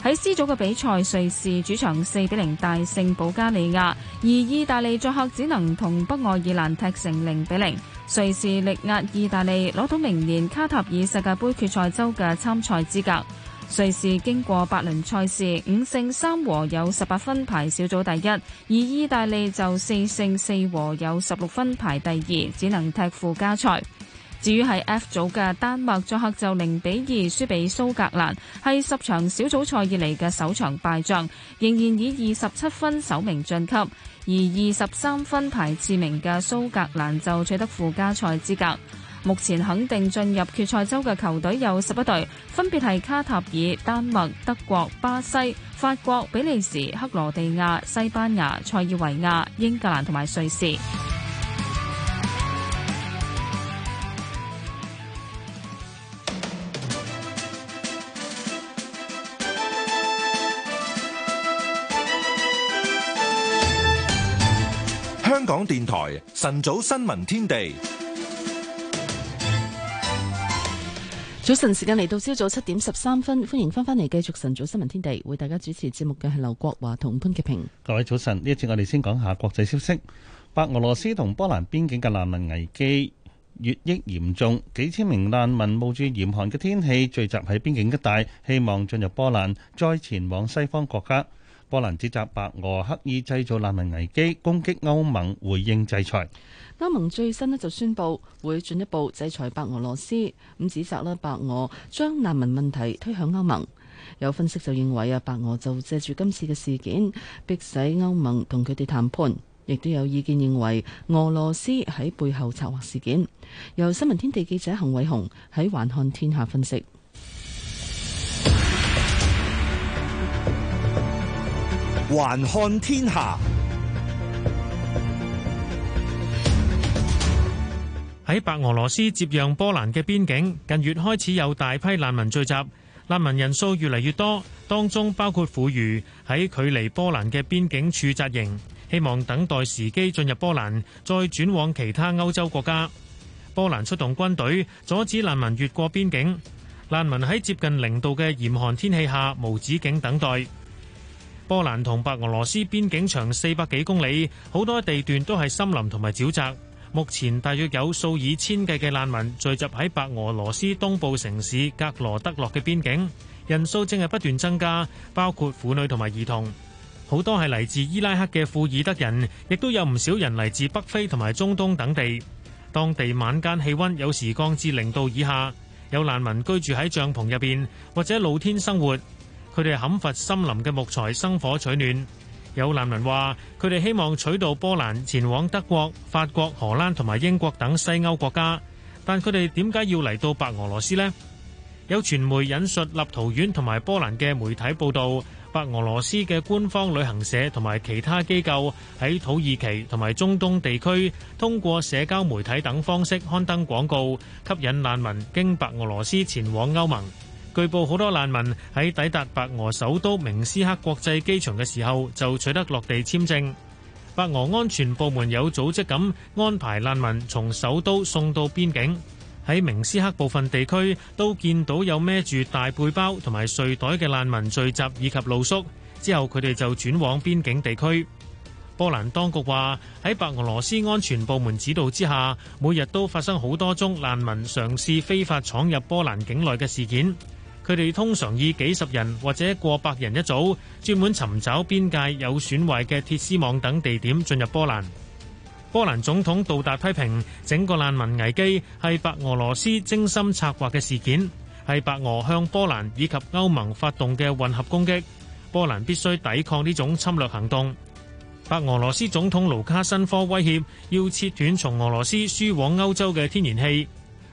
喺 C 組嘅比賽，瑞士主場四比零大勝保加利亞，而意大利作客只能同北愛爾蘭踢成零比零。瑞士力壓意大利，攞到明年卡塔爾世界杯決賽周嘅參賽資格。瑞士經過八輪賽事五勝三和，有十八分排小組第一，而意大利就四勝四和有十六分排第二，只能踢附加賽。至於係 F 組嘅丹麥作客就零比二輸俾蘇格蘭，係十場小組賽以嚟嘅首場敗仗，仍然以二十七分首名晉級，而二十三分排次名嘅蘇格蘭就取得附加賽資格。目前肯定進入決賽周嘅球隊有十一隊，分別係卡塔爾、丹麥、德國、巴西、法國、比利時、克羅地亞、西班牙、塞爾維亞、英格蘭同埋瑞士。香港電台晨早新聞天地，早晨時間嚟到，朝早七點十三分，歡迎翻返嚟繼續晨早新聞天地，為大家主持節目嘅係劉國華同潘潔平。各位早晨，呢一次我哋先講下國際消息。白俄羅斯同波蘭邊境嘅難民危機越益嚴重，幾千名難民冒住嚴寒嘅天氣聚集喺邊境一帶，希望進入波蘭，再前往西方國家。波蘭指責白俄刻意製造難民危機，攻擊歐盟回應制裁。歐盟最新咧就宣布會進一步制裁白俄羅斯，咁指責咧白俄將難民問題推向歐盟。有分析就認為啊，白俄就借住今次嘅事件，迫使歐盟同佢哋談判。亦都有意見認為俄羅斯喺背後策劃事件。由新聞天地記者幸偉雄喺環看天下分析。環看天下，喺白俄羅斯接壤波蘭嘅邊境，近月開始有大批難民聚集，難民人數越嚟越多，當中包括婦孺喺距離波蘭嘅邊境處紮營，希望等待時機進入波蘭，再轉往其他歐洲國家。波蘭出動軍隊阻止難民越過邊境，難民喺接近零度嘅嚴寒天氣下無止境等待。波蘭同白俄羅斯邊境長四百幾公里，好多地段都係森林同埋沼澤。目前大約有數以千計嘅難民聚集喺白俄羅斯東部城市格羅德諾嘅邊境，人數正係不斷增加，包括婦女同埋兒童。好多係嚟自伊拉克嘅庫爾德人，亦都有唔少人嚟自北非同埋中東等地。當地晚間氣溫有時降至零度以下，有難民居住喺帳篷入面，或者露天生活。佢哋係砍伐森林嘅木材生火取暖。有難民話：佢哋希望取道波蘭前往德國、法國、荷蘭同埋英國等西歐國家，但佢哋點解要嚟到白俄羅斯呢？有傳媒引述立陶宛同埋波蘭嘅媒體報道，白俄羅斯嘅官方旅行社同埋其他機構喺土耳其同埋中東地區，通過社交媒體等方式刊登廣告，吸引難民經白俄羅斯前往歐盟。據報，好多難民喺抵達白俄首都明斯克國際機場嘅時候就取得落地簽證。白俄安全部門有組織咁安排難民從首都送到邊境。喺明斯克部分地區都見到有孭住大背包同埋睡袋嘅難民聚集以及露宿，之後佢哋就轉往邊境地區。波蘭當局話，喺白俄羅斯安全部門指導之下，每日都發生好多宗難民嘗試非法闖入波蘭境內嘅事件。佢哋通常以幾十人或者過百人一組，專門尋找邊界有損壞嘅鐵絲網等地點進入波蘭。波蘭總統杜達批評整個難民危機係白俄羅斯精心策劃嘅事件，係白俄向波蘭以及歐盟發動嘅混合攻擊，波蘭必須抵抗呢種侵略行動。白俄羅斯總統盧卡申科威脅要切斷從俄羅斯輸往歐洲嘅天然氣。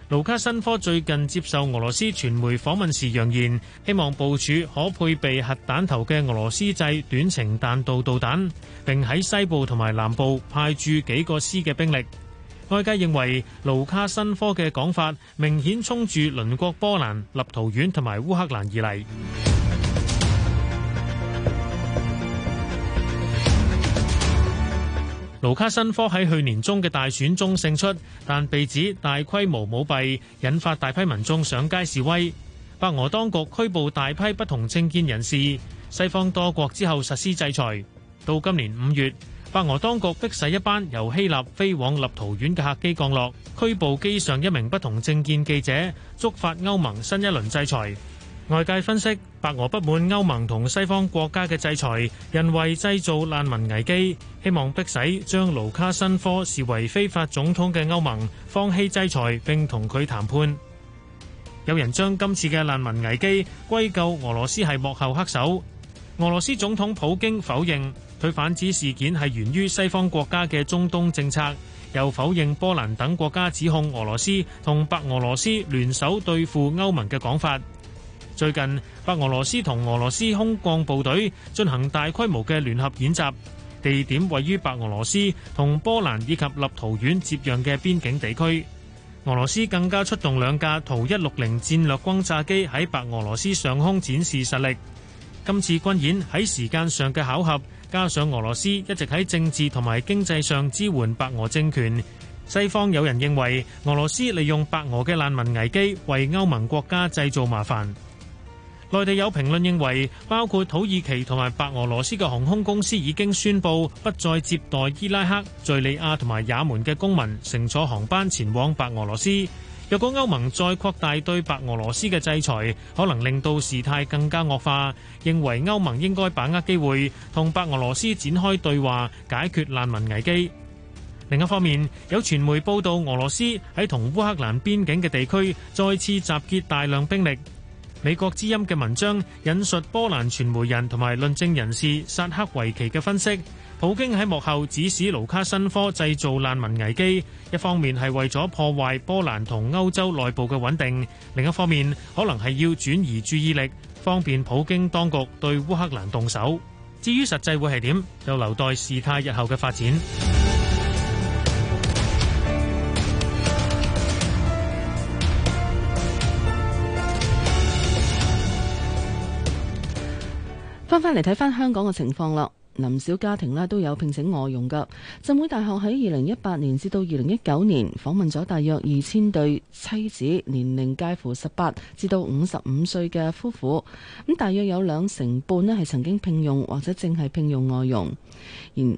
盧卡申科最近接受俄羅斯傳媒訪問時，揚言希望部署可配備核彈頭嘅俄羅斯製短程彈道導彈，并喺西部同埋南部派駐幾個師嘅兵力。外界認為盧卡申科嘅講法明顯衝住鄰國波蘭、立陶宛同埋烏克蘭而嚟。盧卡申科喺去年中嘅大選中勝出，但被指大規模舞弊，引發大批民眾上街示威。白俄當局拘捕大批不同政見人士，西方多國之後實施制裁。到今年五月，白俄當局迫使一班由希臘飛往立陶宛嘅客機降落，拘捕機上一名不同政見記者，觸發歐盟新一輪制裁。外界分析，白俄不滿歐盟同西方國家嘅制裁，人為製造難民危機，希望迫使將盧卡申科視為非法總統嘅歐盟放棄制裁並同佢談判。有人將今次嘅難民危機歸咎俄羅斯係幕後黑手。俄羅斯總統普京否認佢，反指事件係源於西方國家嘅中東政策，又否認波蘭等國家指控俄羅斯同白俄羅斯聯手對付歐盟嘅講法。最近，白俄羅斯同俄羅斯空降部隊進行大規模嘅聯合演習，地點位於白俄羅斯同波蘭以及立陶宛接壤嘅邊境地區，俄羅斯更加出動兩架圖一六零戰略轟炸機喺白俄羅斯上空展示實力。今次軍演喺時間上嘅巧合，加上俄羅斯一直喺政治同埋經濟上支援白俄政權，西方有人認為俄羅斯利用白俄嘅難民危機為歐盟國家製造麻煩。內地有評論認為，包括土耳其同埋白俄羅斯嘅航空公司已經宣佈不再接待伊拉克、敘利亞同埋也門嘅公民乘坐航班前往白俄羅斯。若果歐盟再擴大對白俄羅斯嘅制裁，可能令到事態更加惡化，認為歐盟應該把握機會，同白俄羅斯展開對話，解決難民危機。另一方面，有傳媒報道，俄羅斯喺同烏克蘭邊境嘅地區再次集結大量兵力。美國之音嘅文章引述波蘭傳媒人同埋論證人士薩克維奇嘅分析，普京喺幕後指使盧卡申科製造難民危機，一方面係為咗破壞波蘭同歐洲內部嘅穩定，另一方面可能係要轉移注意力，方便普京當局對烏克蘭動手。至於實際會係點，就留待事態日後嘅發展。返嚟睇返香港嘅情況啦，林小家庭咧都有聘請外傭噶。浸會大學喺二零一八年至到二零一九年訪問咗大約二千對妻子，年齡介乎十八至到五十五歲嘅夫婦，咁大約有兩成半咧係曾經聘用或者正係聘用外傭。然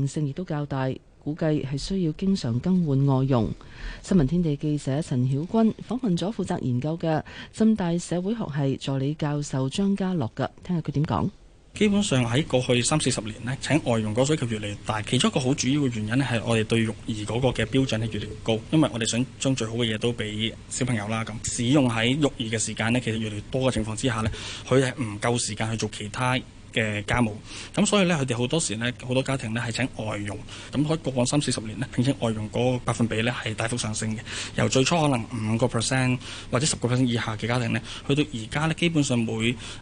性亦都較大，估計係需要經常更換外傭。新聞天地記者陳曉君訪問咗負責研究嘅浸大社會學系助理教授張家樂噶，聽下佢點講。基本上喺過去三四十年呢，請外傭嗰需求越嚟越大，其中一個好主要嘅原因呢，係我哋對育兒嗰個嘅標準係越嚟越高，因為我哋想將最好嘅嘢都俾小朋友啦。咁使用喺育兒嘅時間呢，其實越嚟越多嘅情況之下呢，佢係唔夠時間去做其他。嘅家務，咁所以呢，佢哋好多時呢，好多家庭呢係請外傭，咁喺過往三四十年呢，聘請外傭嗰個百分比呢係大幅上升嘅，由最初可能五個 percent 或者十個 percent 以下嘅家庭呢，去到而家呢，基本上每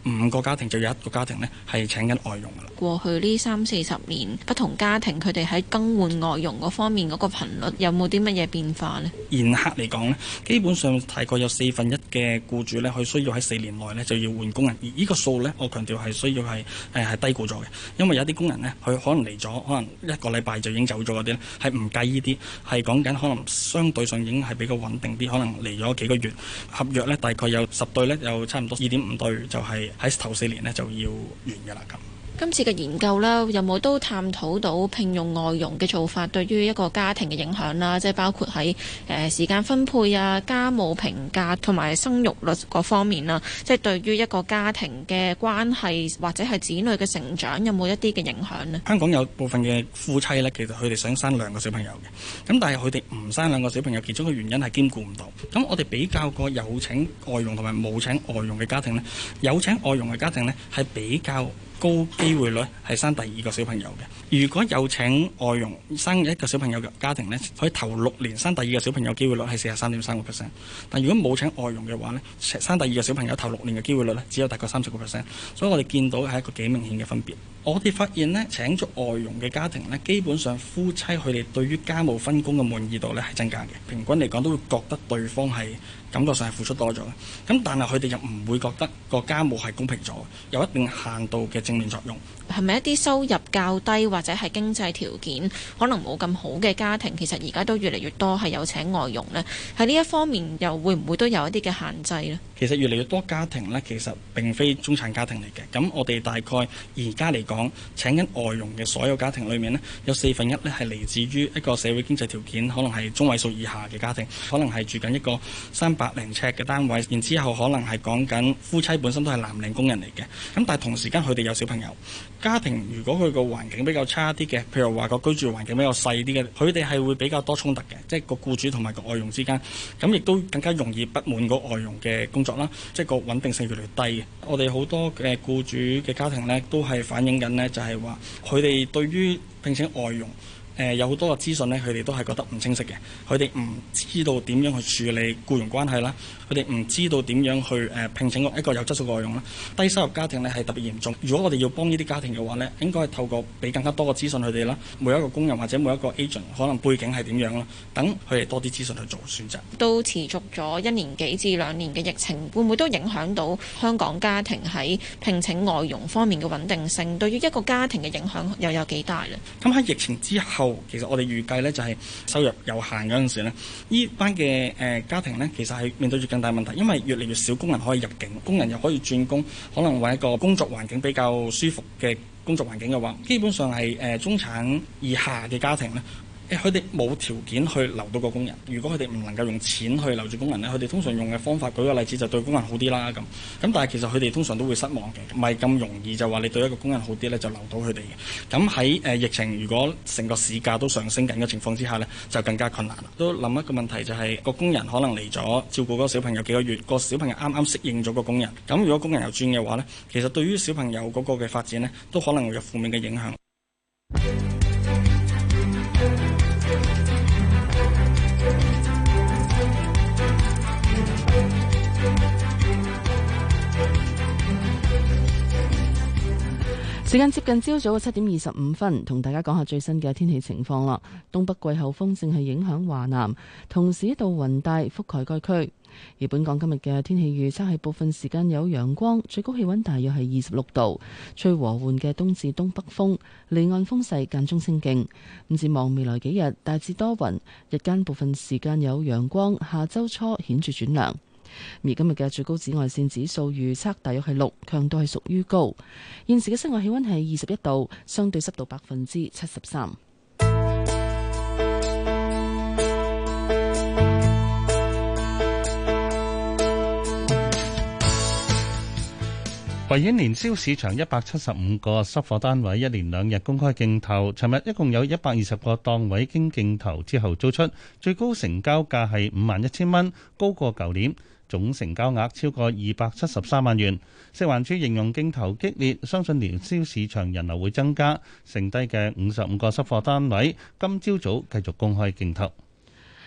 五個家庭就有一個家庭呢係請緊外傭噶啦。過去呢三四十年，不同家庭佢哋喺更換外傭嗰方面嗰個頻率，有冇啲乜嘢變化呢？現刻嚟講呢，基本上大概有四分一嘅僱主呢，佢需要喺四年內呢就要換工人，而呢個數呢，我強調係需要係。誒係低估咗嘅，因為有啲工人呢，佢可能嚟咗，可能一個禮拜就已經走咗嗰啲呢，係唔計呢啲，係講緊可能相對上已經係比較穩定啲，可能嚟咗幾個月，合約呢，大概有十對呢，有差唔多二點五對，就係喺頭四年呢就要完㗎啦咁。今次嘅研究啦，有冇都探討到聘用外傭嘅做法對於一個家庭嘅影響啦？即係包括喺誒時間分配啊、家務評價同埋生育率各方面啦，即係對於一個家庭嘅關係或者係子女嘅成長有冇一啲嘅影響咧？香港有部分嘅夫妻咧，其實佢哋想生兩個小朋友嘅，咁但係佢哋唔生兩個小朋友，其中嘅原因係兼顧唔到。咁我哋比較過有請外傭同埋冇請外傭嘅家庭咧，有請外傭嘅家庭咧係比較。高機會率係生第二個小朋友嘅。如果有請外傭生一個小朋友嘅家庭呢，可以頭六年生第二個小朋友機會率係四十三點三個 percent。但係如果冇請外傭嘅話呢，生第二個小朋友頭六年嘅機會率呢，只有大概三十個 percent。所以我哋見到係一個幾明顯嘅分別。我哋發現呢，請咗外傭嘅家庭呢，基本上夫妻佢哋對於家務分工嘅滿意度呢係增加嘅。平均嚟講都會覺得對方係。感覺上係付出多咗，咁但係佢哋又唔會覺得個家務係公平咗，有一定限度嘅正面作用。係咪一啲收入較低或者係經濟條件可能冇咁好嘅家庭，其實而家都越嚟越多係有請外傭呢？喺呢一方面又會唔會都有一啲嘅限制呢？其實越嚟越多家庭呢，其實並非中產家庭嚟嘅。咁我哋大概而家嚟講請緊外傭嘅所有家庭裏面呢，有四分一呢係嚟自於一個社會經濟條件可能係中位數以下嘅家庭，可能係住緊一個三百零尺嘅單位，然之後可能係講緊夫妻本身都係藍領工人嚟嘅。咁但係同時間佢哋有小朋友。家庭如果佢個環境比較差啲嘅，譬如話個居住環境比較細啲嘅，佢哋係會比較多衝突嘅，即係個僱主同埋個外傭之間，咁亦都更加容易不滿個外傭嘅工作啦，即係個穩定性越嚟越低。我哋好多嘅僱主嘅家庭呢，都係反映緊呢，就係話佢哋對於聘請外傭。誒、呃、有好多個資訊呢，佢哋都係覺得唔清晰嘅。佢哋唔知道點樣去處理僱傭關係啦，佢哋唔知道點樣去誒、呃、聘請一個有質素嘅外傭啦。低收入家庭咧，係特別嚴重。如果我哋要幫呢啲家庭嘅話呢，應該係透過俾更加多嘅資訊佢哋啦。每一個工人或者每一個 agent 可能背景係點樣啦，等佢哋多啲資訊去做選擇。都持續咗一年幾至兩年嘅疫情，會唔會都影響到香港家庭喺聘請外傭方面嘅穩定性？對於一個家庭嘅影響又有幾大呢？咁喺疫情之後。其實我哋預計呢，就係收入有限嗰陣時呢，呢班嘅誒家庭呢，其實係面對住更大問題，因為越嚟越少工人可以入境，工人又可以轉工，可能揾一個工作環境比較舒服嘅工作環境嘅話，基本上係誒中產以下嘅家庭呢。誒，佢哋冇條件去留到個工人。如果佢哋唔能夠用錢去留住工人咧，佢哋通常用嘅方法，舉個例子就對工人好啲啦。咁咁，但係其實佢哋通常都會失望嘅，唔係咁容易就話你對一個工人好啲呢就留到佢哋嘅。咁喺誒疫情，如果成個市價都上升緊嘅情況之下呢就更加困難啦。都諗一個問題，就係個工人可能嚟咗照顧嗰個小朋友幾個月，個小朋友啱啱適應咗個工人。咁如果工人有轉嘅話呢，其實對於小朋友嗰個嘅發展呢，都可能會有負面嘅影響。時間接近朝早嘅七點二十五分，同大家講下最新嘅天氣情況啦。東北季候風正係影響華南，同時到雲帶覆蓋該區。而本港今日嘅天氣預測係部分時間有陽光，最高氣溫大約係二十六度，吹和緩嘅東至東北風，離岸風勢間中清勁。咁展望未來幾日大致多雲，日間部分時間有陽光，下周初顯著轉涼。而今日嘅最高紫外線指數預測大約係六，強度係屬於高。現時嘅室外氣溫係二十一度，相對濕度百分之七十三。維園年宵市場一百七十五個濕貨單位，一連兩日公開競投。尋日一共有一百二十個檔位經競投之後租出，最高成交價係五萬一千蚊，高過舊年。總成交額超過二百七十三萬元。食環署形容競投激烈，相信年宵市場人流會增加。剩低嘅五十五個失貨單位，今朝早繼續公開競投。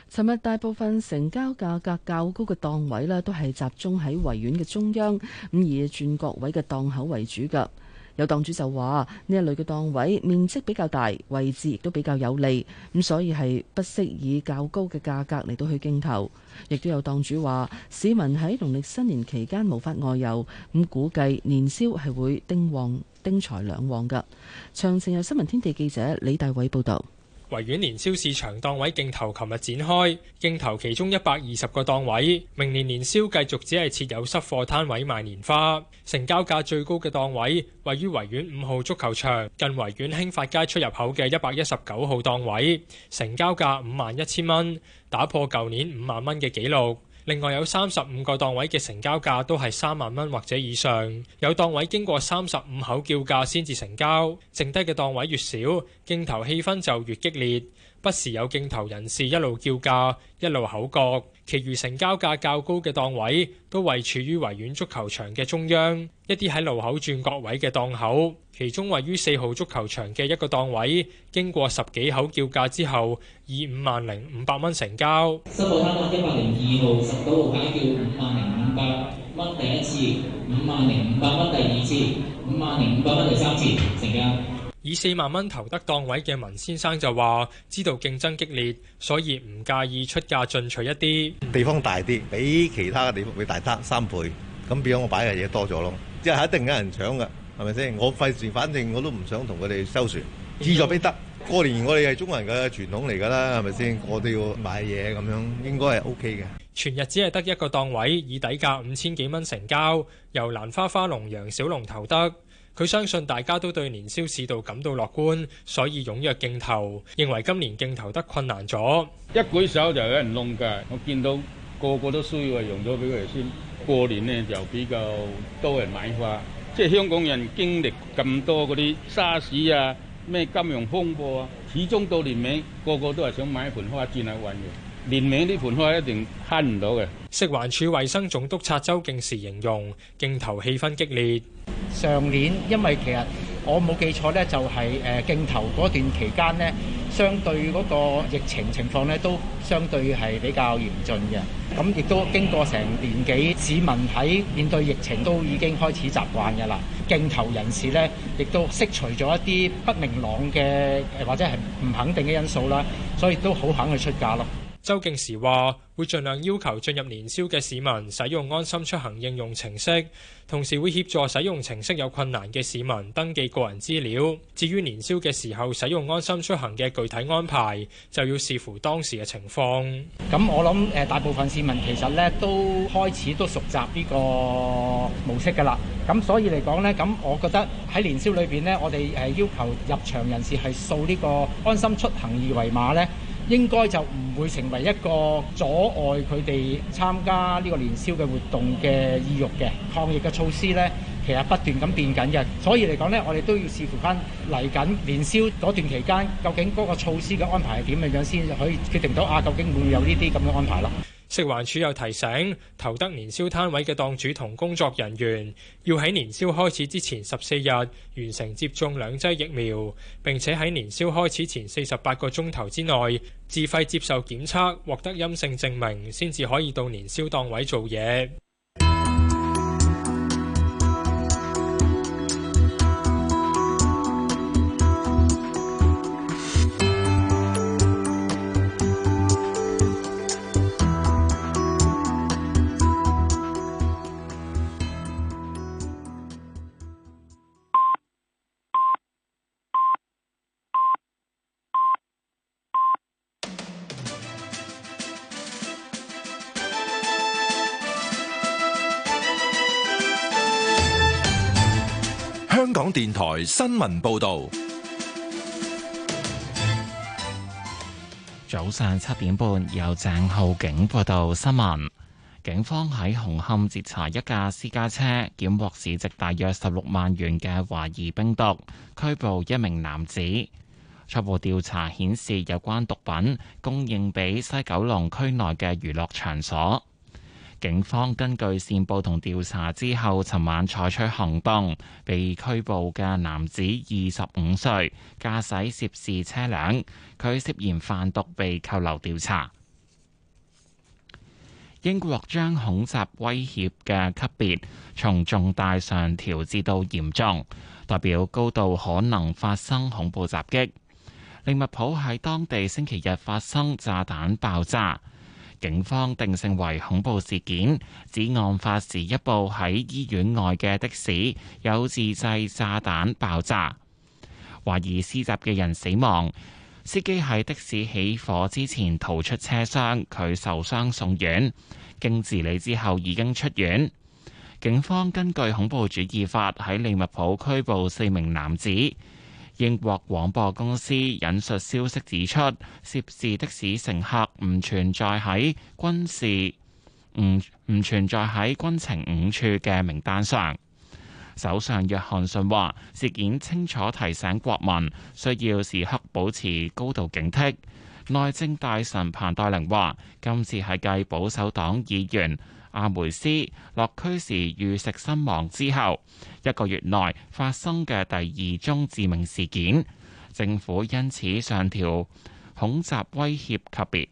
尋日大部分成交價格較高嘅檔位咧，都係集中喺維園嘅中央，咁以轉角位嘅檔口為主噶。有檔主就話：呢一類嘅檔位面積比較大，位置亦都比較有利，咁所以係不惜以較高嘅價格嚟到去競投。亦都有檔主話：市民喺農曆新年期間無法外遊，咁估計年宵係會丁旺丁財兩旺噶。詳情有新聞天地記者李大偉報導。維園年宵市場檔位競投，琴日展開競投，頭其中一百二十個檔位，明年年宵繼續只係設有濕貨攤位賣年花。成交價最高嘅檔位位於維園五號足球場近維園興發街出入口嘅一百一十九號檔位，成交價五萬一千蚊，打破舊年五萬蚊嘅紀錄。另外有三十五個檔位嘅成交價都係三萬蚊或者以上，有檔位經過三十五口叫價先至成交，剩低嘅檔位越少，競投氣氛就越激烈。不時有競投人士一路叫價，一路口角。其餘成交價較高嘅檔位，都位處於維園足球場嘅中央。一啲喺路口轉角位嘅檔口，其中位於四號足球場嘅一個檔位，經過十幾口叫價之後，以五萬零五百蚊成交。以四萬蚊投得檔位嘅文先生就話：知道競爭激烈，所以唔介意出價進取一啲。地方大啲，比其他嘅地方會大得三倍，咁變咗我擺嘅嘢多咗咯。即係一定有人搶㗎，係咪先？我費事，反正我都唔想同佢哋收船，資助必得。過年我哋係中國人嘅傳統嚟㗎啦，係咪先？我都要買嘢咁樣，應該係 OK 嘅。全日只係得一個檔位，以底價五千幾蚊成交，由蘭花花龍羊小龍、小龍投得。佢相信大家都對年宵市道感到樂觀，所以踴躍競投，認為今年競投得困難咗。一舉手就有人弄㗎，我見到個個都需要啊，用咗俾佢哋先。過年呢，就比較多人買花，即係香港人經歷咁多嗰啲沙士啊、咩金融風暴啊，始終到年尾個個都係想買一盆花轉下運嘅。連名啲盤開一定慳唔到嘅。食環署衞生總督察周敬時形容競投氣氛激烈。上年因為其實我冇記錯咧，就係誒競投嗰段期間咧，相對嗰個疫情情況咧都相對係比較嚴峻嘅。咁亦都經過成年幾，市民喺面對疫情都已經開始習慣嘅啦。競投人士咧亦都釋除咗一啲不明朗嘅或者係唔肯定嘅因素啦，所以都好肯去出價咯。周敬時話：會盡量要求進入年宵嘅市民使用安心出行應用程式，同時會協助使用程式有困難嘅市民登記個人資料。至於年宵嘅時候使用安心出行嘅具體安排，就要視乎當時嘅情況。咁我諗誒，大部分市民其實咧都開始都熟習呢個模式㗎啦。咁所以嚟講呢，咁我覺得喺年宵裏邊呢，我哋誒要求入場人士係掃呢個安心出行二維碼呢。應該就唔會成為一個阻礙佢哋參加呢個年宵嘅活動嘅意欲嘅，抗疫嘅措施呢，其實不斷咁變緊嘅，所以嚟講呢，我哋都要視乎翻嚟緊年宵嗰段期間，究竟嗰個措施嘅安排係點樣樣先可以決定到啊？究竟會唔會有呢啲咁嘅安排咯？食環署又提醒，投得年宵攤位嘅檔主同工作人員要喺年宵開始之前十四日完成接種兩劑疫苗，並且喺年宵開始前四十八個鐘頭之內自費接受檢測，獲得陰性證明，先至可以到年宵檔位做嘢。電台新聞報道：早上七點半，由鄭浩景報道新聞。警方喺紅磡截查一架私家車，檢獲市值大約十六萬元嘅懷疑冰毒，拘捕一名男子。初步調查顯示，有關毒品供應俾西九龍區內嘅娛樂場所。警方根據線報同調查之後，尋晚採取行動，被拘捕嘅男子二十五歲，駕駛涉事車輛，佢涉嫌販毒被扣留調查。英國將恐襲威脅嘅級別從重大上調至到嚴重，代表高度可能發生恐怖襲擊。利物浦喺當地星期日發生炸彈爆炸。警方定性為恐怖事件，指案發時一部喺醫院外嘅的，的士有自製炸彈爆炸，懷疑施襲嘅人死亡。司機喺的士起火之前逃出車廂，佢受傷送院，經治理之後已經出院。警方根據恐怖主義法喺利物浦拘捕四名男子。英國廣播公司引述消息指出，涉事的士乘客唔存在喺軍事唔唔存在喺軍情五處嘅名單上。首相約翰遜話，事件清楚提醒國民需要時刻保持高度警惕。內政大臣彭黛玲話：今次係繼保守黨議員阿梅斯落區時遇刺身亡之後一個月內發生嘅第二宗致命事件。政府因此上調恐襲威脅級別。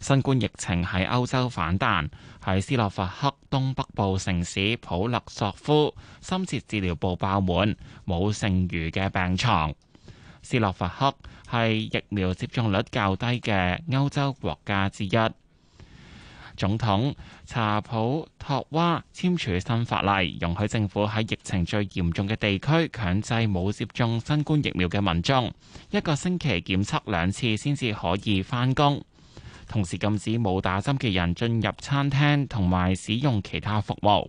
新冠疫情喺歐洲反彈，喺斯洛伐克東北部城市普勒索夫深切治療部爆滿，冇剩餘嘅病床。斯洛伐克係疫苗接種率較低嘅歐洲國家之一。總統查普托娃簽署新法例，容許政府喺疫情最嚴重嘅地區強制冇接種新冠疫苗嘅民眾一個星期檢測兩次先至可以返工，同時禁止冇打針嘅人進入餐廳同埋使用其他服務。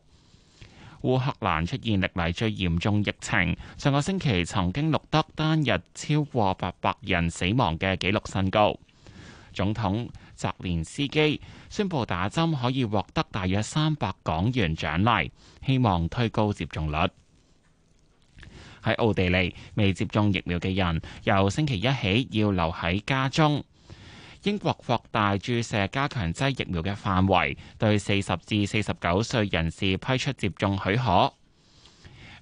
烏克蘭出現歷來最嚴重疫情，上個星期曾經錄得單日超過八百人死亡嘅紀錄新高。總統澤連斯基宣布打針可以獲得大約三百港元獎勵，希望推高接種率。喺奧地利，未接種疫苗嘅人由星期一起要留喺家中。英國擴大注射加強劑疫苗嘅範圍，對四十至四十九歲人士批出接種許可。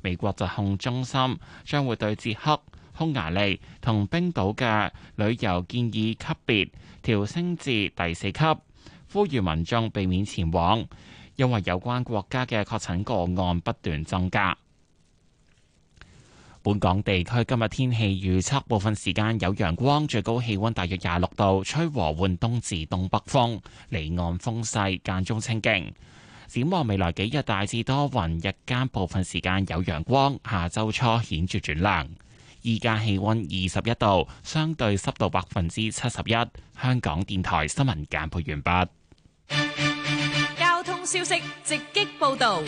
美國疾控中心將會對捷克、匈牙利同冰島嘅旅遊建議級別調升至第四級，呼籲民眾避免前往，因為有關國家嘅確診個案不斷增加。本港地區今日天氣預測，部分時間有陽光，最高氣溫大約廿六度，吹和緩東至東北風，離岸風勢間中清勁。展望未來幾日大致多雲，日間部分時間有陽光，下周初顯著轉涼。而家氣溫二十一度，相對濕度百分之七十一。香港電台新聞簡報完畢。交通消息直擊報道。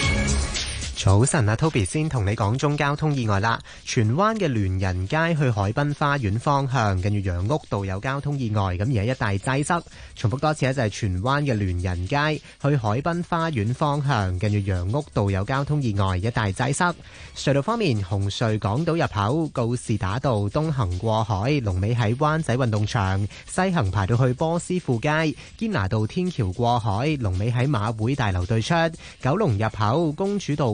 早晨啊，Toby 先同你講中交通意外啦。荃灣嘅聯仁街去海濱花園方向，近住楊屋道有交通意外，咁而家一帶擠塞。重複多次咧，就係荃灣嘅聯仁街去海濱花園方向，近住楊屋道有交通意外，一帶擠塞。隧道方面，紅隧港島入口告士打道東行過海，龍尾喺灣仔運動場；西行排到去波斯富街，堅拿道天橋過海，龍尾喺馬會大樓對出；九龍入口公主道。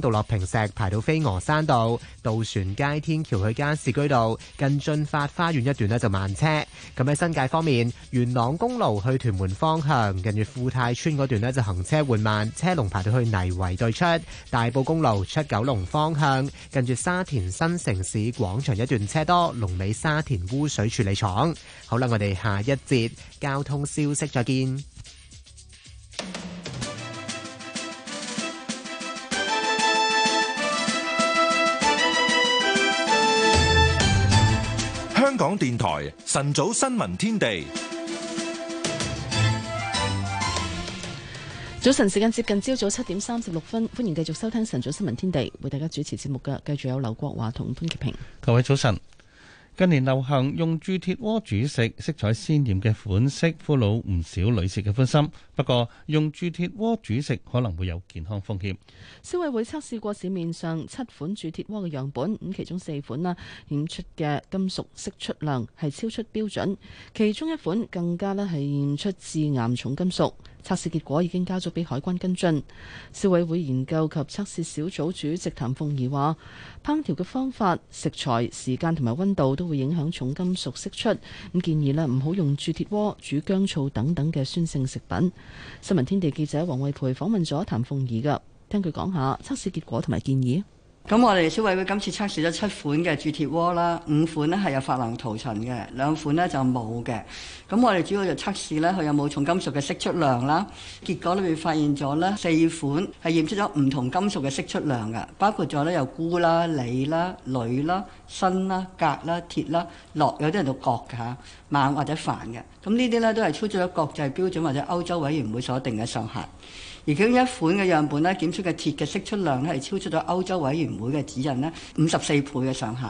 道落坪石，排到飛鵝山道、渡船街天橋去加士居道，近駿發花園一段呢就慢車。咁喺新界方面，元朗公路去屯門方向，近住富泰村嗰段呢就行車緩慢，車龍排到去泥圍對出。大埔公路出九龍方向，近住沙田新城市廣場一段車多，龍尾沙田污水處理廠。好啦，我哋下一節交通消息，再見。港電台晨早新聞天地，早晨時間接近朝早七點三十六分，歡迎繼續收聽晨早新聞天地，為大家主持節目嘅繼續有劉國華同潘潔平，各位早晨。近年流行用鑄鐵鍋煮食，色彩鮮豔嘅款式俘虜唔少女士嘅歡心。不過，用鑄鐵鍋煮食可能會有健康風險。消委會測試過市面上七款鑄鐵鍋嘅樣本，咁其中四款啦，驗出嘅金屬釋出量係超出標準，其中一款更加呢係驗出致癌重金屬。測試結果已經交咗俾海關跟進。消委會研究及測試小組主席譚鳳儀話：烹調嘅方法、食材、時間同埋温度都會影響重金屬釋出。咁建議咧，唔好用鑄鐵鍋煮薑醋等等嘅酸性食品。新聞天地記者黃慧培訪問咗譚鳳儀噶，聽佢講下測試結果同埋建議。咁我哋消委會今次測試咗七款嘅鑄鐵鍋啦，五款咧係有琺瑯塗層嘅，兩款咧就冇嘅。咁我哋主要就測試咧佢有冇重金屬嘅釋出量啦。結果裏面發現咗咧四款係驗出咗唔同金屬嘅釋出量嘅，包括咗咧有鈷啦、鋰啦、鋁啦、鋁啦、砷啦、鉀啦、鐵啦、鉻有啲人讀鉻嘅嚇，錳或者釩嘅。咁呢啲咧都係超出咗國際標準或者歐洲委員會所定嘅上限。而其中一款嘅樣本咧，檢出嘅鐵嘅釋出量咧，係超出咗歐洲委員會嘅指引咧五十四倍嘅上限。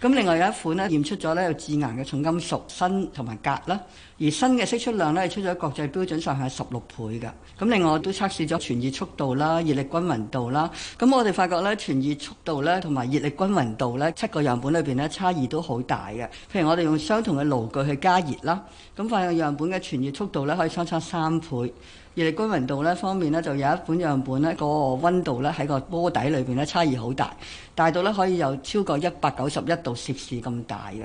咁另外有一款咧，驗出咗咧有致癌嘅重金屬砷同埋鎘啦。而砷嘅釋出量咧，係出咗國際標準上限十六倍嘅。咁另外都測試咗傳熱速度啦、熱力均勻度啦。咁我哋發覺咧，傳熱速度咧同埋熱力均勻度咧，七個樣本裏邊咧差異都好大嘅。譬如我哋用相同嘅爐具去加熱啦，咁發現樣本嘅傳熱速度咧可以相差三倍。熱力均勻度咧方面咧，就有一本樣本咧，個溫度咧喺個鍋底裏邊咧差異好大。大到咧可以有超過一百九十一度攝氏咁大嘅，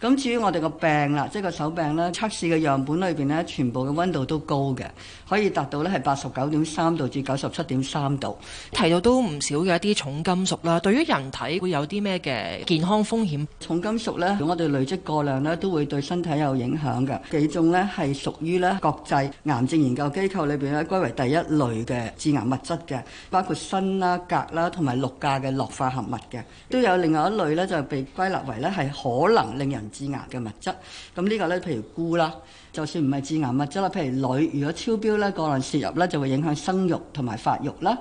咁至於我哋個病啦，即係個手柄咧，測試嘅樣本裏邊咧，全部嘅溫度都高嘅，可以達到咧係八十九點三度至九十七點三度。提到都唔少嘅一啲重金屬啦，對於人體會有啲咩嘅健康風險？重金屬咧，如果我哋累積過量咧，都會對身體有影響嘅。幾種咧係屬於咧國際癌症研究機構裏邊咧歸為第一類嘅致癌物質嘅，包括砷啦、鎘啦同埋六價嘅鉻化合。物嘅都有另外一類咧，就被歸納為咧係可能令人致癌嘅物質。咁呢個咧，譬如菇啦，就算唔係致癌物質啦，譬如鋁，如果超標咧，過量攝入咧就會影響生育同埋發育啦。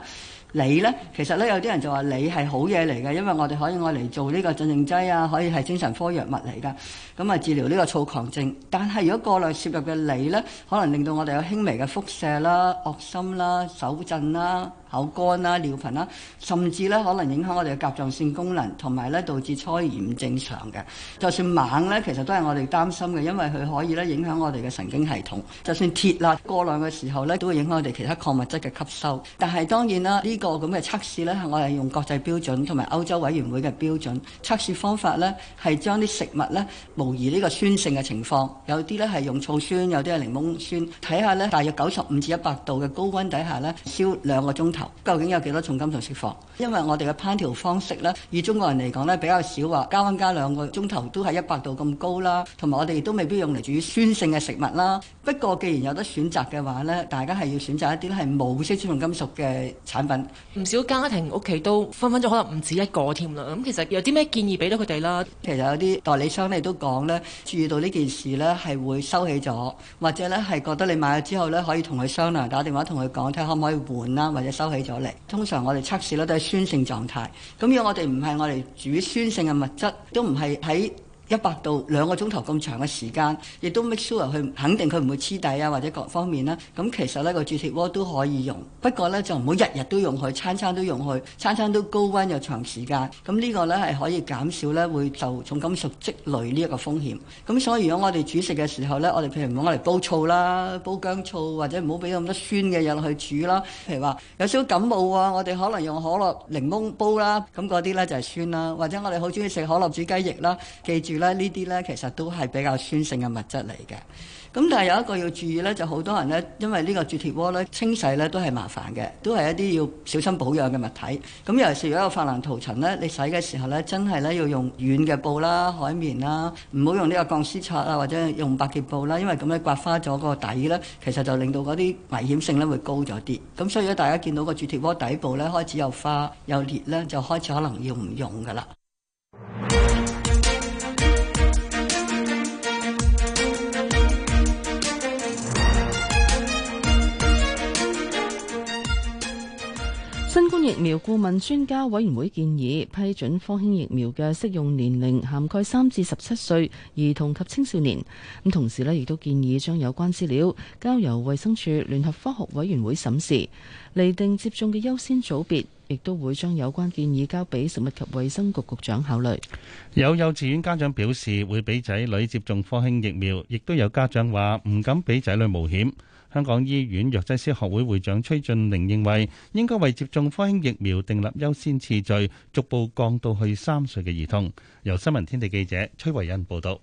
鋰咧，其實咧有啲人就話鋰係好嘢嚟嘅，因為我哋可以愛嚟做呢個鎮靜劑啊，可以係精神科藥物嚟噶。咁啊，治療呢個躁狂症。但係如果過量攝入嘅鋰咧，可能令到我哋有輕微嘅腹瀉啦、噁心啦、手震啦。口乾啦、啊、尿頻啦，甚至咧可能影響我哋嘅甲狀腺功能，同埋咧導致胎兒唔正常嘅。就算猛咧，其實都係我哋擔心嘅，因為佢可以咧影響我哋嘅神經系統。就算鐵啦、啊、過量嘅時候咧，都會影響我哋其他礦物質嘅吸收。但係當然啦，呢個咁嘅測試咧，我哋用國際標準同埋歐洲委員會嘅標準測試方法咧，係將啲食物咧模擬呢個酸性嘅情況，有啲咧係用醋酸，有啲係檸檬酸，睇下咧大約九十五至一百度嘅高溫底下咧燒兩個鐘。究竟有幾多重金屬釋放？因為我哋嘅烹調方式咧，以中國人嚟講咧，比較少話加温加兩個鐘頭都係一百度咁高啦，同埋我哋亦都未必用嚟煮酸性嘅食物啦。不過，既然有得選擇嘅話咧，大家係要選擇一啲咧係冇色素重金屬嘅產品。唔少家庭屋企都分分鐘可能唔止一個添啦。咁其實有啲咩建議俾到佢哋啦？其實有啲代理商你都講咧，注意到呢件事咧，係會收起咗，或者咧係覺得你買咗之後咧，可以同佢商量，打電話同佢講睇下可唔可以換啦，或者收。起咗嚟，通常我哋測試咧都係酸性狀態，咁如果我哋唔係我哋煮酸性嘅物質，都唔係喺，一百度兩個鐘頭咁長嘅時間，亦都 make sure 佢肯定佢唔會黐底啊，或者各方面啦。咁、嗯、其實呢個鑄鐵鍋都可以用，不過呢就唔好日日都用佢，餐餐都用佢，餐餐都高溫又長時間。咁、嗯、呢、這個呢係可以減少呢會受重金屬積累呢一個風險。咁、嗯、所以如果我哋煮食嘅時候呢，我哋譬如唔好攞嚟煲醋啦，煲薑醋或者唔好俾咁多酸嘅嘢落去煮啦。譬如話有少少感冒啊，我哋可能用可樂檸檬煲啦，咁嗰啲呢就係酸啦。或者我哋好中意食可樂煮雞翼啦，記住。呢啲呢，其實都係比較酸性嘅物質嚟嘅。咁但係有一個要注意呢，就好多人呢，因為呢個鑄鐵鍋呢，清洗呢都係麻煩嘅，都係一啲要小心保養嘅物體。咁、嗯、尤其是如果有琺瑯塗層呢，你洗嘅時候呢，真係呢，要用軟嘅布啦、海綿啦，唔好用呢個鋼絲刷啊，或者用百潔布啦，因為咁咧刮花咗個底呢，其實就令到嗰啲危險性呢會高咗啲。咁、嗯、所以咧，大家見到個鑄鐵鍋底部呢，開始有花有裂呢，就開始可能要唔用噶啦。疫苗顧問專家委員會建議批准科興疫苗嘅適用年齡涵蓋三至十七歲兒童及青少年，咁同時呢亦都建議將有關資料交由衛生署聯合科學委員會審視，厘定接種嘅優先組別，亦都會將有關建議交俾食物及衛生局局長考慮。有幼稚園家長表示會俾仔女接種科興疫苗，亦都有家長話唔敢俾仔女冒險。香港醫院藥劑師學會會長崔俊玲認為，應該為接種科興疫苗訂立優先次序，逐步降到去三歲嘅兒童。由新聞天地記者崔慧恩報道。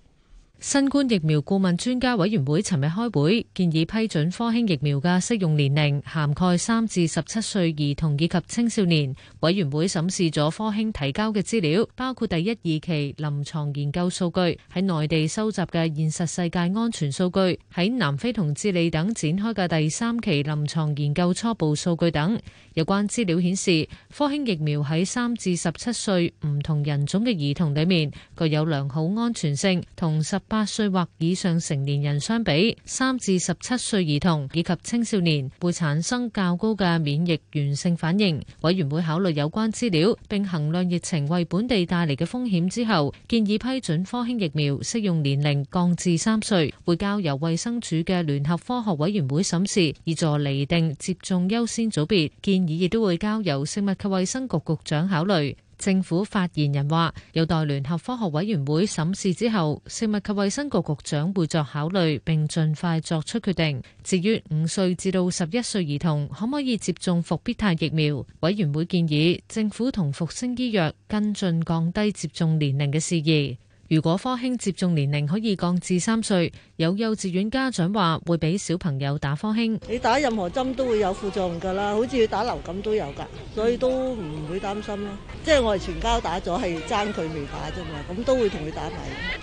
新冠疫苗顧問專家委員會尋日開會，建議批准科興疫苗嘅適用年齡涵蓋三至十七歲兒童以及青少年。委員會審視咗科興提交嘅資料，包括第一、二期臨床研究數據，喺內地收集嘅現實世界安全數據，喺南非同智利等展開嘅第三期臨床研究初步數據等。有關資料顯示，科興疫苗喺三至十七歲唔同人種嘅兒童裏面，具有良好安全性同十。八歲或以上成年人相比，三至十七歲兒童以及青少年會產生較高嘅免疫原性反應。委員會考慮有關資料，並衡量疫情為本地帶嚟嘅風險之後，建議批准科興疫苗適用年齡降至三歲，會交由衛生署嘅聯合科學委員會審視，以助厘定接種優先組別。建議亦都會交由食物及衛生局局長考慮。政府發言人話：有待聯合科學委員會審視之後，食物及衛生局局長會作考慮，並盡快作出決定。於歲至於五歲至到十一歲兒童可唔可以接種復必泰疫苗，委員會建議政府同復星醫藥跟進降低接種年齡嘅事宜。如果科興接種年齡可以降至三歲，有幼稚園家長話會俾小朋友打科興。你打任何針都會有副作用噶啦，好似打流感都有噶，所以都唔會擔心咯。即係我哋全家打咗，係爭佢未打啫嘛，咁都會同佢打埋。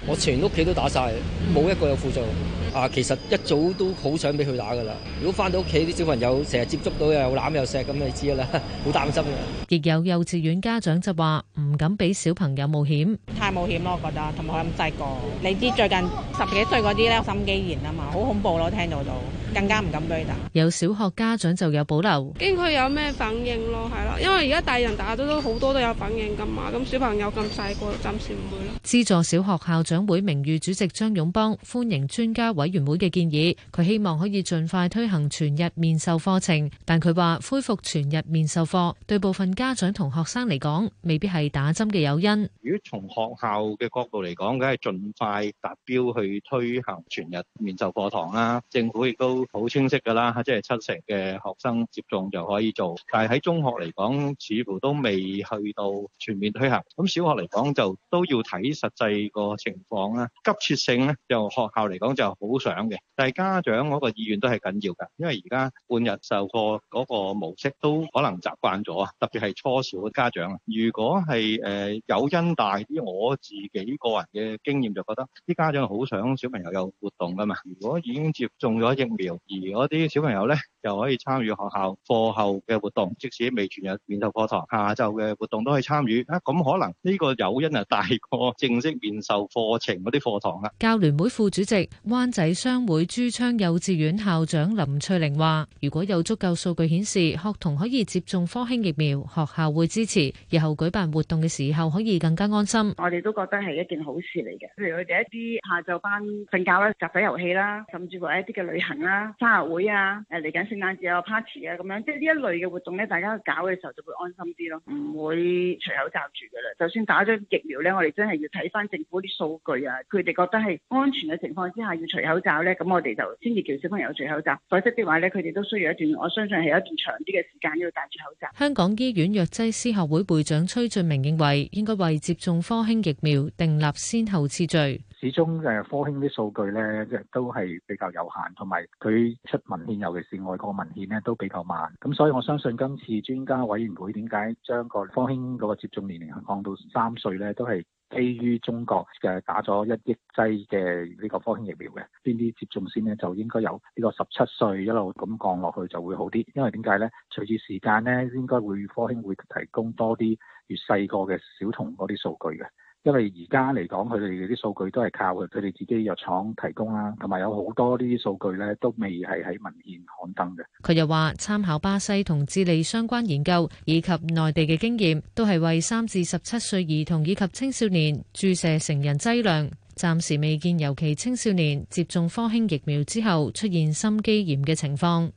我全屋企都打晒，冇一個有副作用。啊，其實一早都好想俾佢打噶啦。如果翻到屋企啲小朋友成日接觸到又攬又錫，咁你知噶啦，好 <laughs> 擔心嘅。亦有幼稚園家長就話唔敢俾小朋友冒險，太冒險咯，我覺得。同埋我咁細個，你知最近十幾歲嗰啲咧，心肌炎啊嘛，好恐怖咯，聽到都。更加唔敢俾佢打。有小學家長就有保留，見佢有咩反應咯，係啦，因為而家大人打都都好多都有反應噶嘛，咁小朋友咁細個，暫時唔會咯。資助小學校長會名譽主席張勇邦歡迎專家委員會嘅建議，佢希望可以盡快推行全日面授課程，但佢話恢復全日面授課對部分家長同學生嚟講未必係打針嘅誘因。如果從學校嘅角度嚟講，梗係盡快達標去推行全日面授課堂啦。政府亦都。好清晰㗎啦，即係七成嘅學生接種就可以做，但係喺中學嚟講，似乎都未去到全面推行。咁小學嚟講，就都要睇實際個情況啦。急切性咧，就學校嚟講就好想嘅，但係家長嗰個意願都係緊要㗎。因為而家半日授課嗰個模式都可能習慣咗啊，特別係初小嘅家長。如果係誒有因大啲，我自己個人嘅經驗就覺得啲家長好想小朋友有活動㗎嘛。如果已經接種咗疫苗，而嗰啲小朋友咧，就可以參與學校課後嘅活動，即使未全日面授課堂下晝嘅活動都可以參與。啊，咁可能呢個誘因啊大過正式面授課程嗰啲課堂啦。教聯會副主席、灣仔商會朱昌幼稚園校長林翠玲話：如果有足夠數據顯示學童可以接種科興疫苗，學校會支持，以後舉辦活動嘅時候可以更加安心。我哋都覺得係一件好事嚟嘅。譬如佢哋一啲下晝班瞓覺啦、集體遊戲啦，甚至乎一啲嘅旅行啦、生日會啊、誒嚟緊，聖誕節有 party 啊，咁樣即係呢一類嘅活動咧，大家搞嘅時候就會安心啲咯，唔會除口罩住噶啦。就算打咗疫苗咧，我哋真係要睇翻政府啲數據啊，佢哋覺得係安全嘅情況之下要除口罩咧，咁我哋就先至叫小朋友除口罩。否則的話咧，佢哋都需要一段，我相信係一段長啲嘅時間要戴住口罩。香港醫院藥劑師學會會長崔俊明認為，應該為接種科興疫苗訂立先後次序。始終誒科興啲數據咧，即係都係比較有限，同埋佢出文件，尤其是我。個文件咧都比較慢，咁所以我相信今次專家委員會點解將個科興嗰個接種年齡降到三歲呢？都係基於中國嘅打咗一億劑嘅呢個科興疫苗嘅邊啲接種先呢？就應該由呢個十七歲一路咁降落去就會好啲，因為點解呢？隨著時間呢應該會科興會提供多啲越細個嘅小童嗰啲數據嘅。因為而家嚟講，佢哋嗰啲數據都係靠佢佢哋自己藥廠提供啦，同埋有好多呢啲數據咧都未係喺文獻刊登嘅。佢又話，參考巴西同智利相關研究以及內地嘅經驗，都係為三至十七歲兒童以及青少年注射成人劑量，暫時未見尤其青少年接種科興疫苗之後出現心肌炎嘅情況。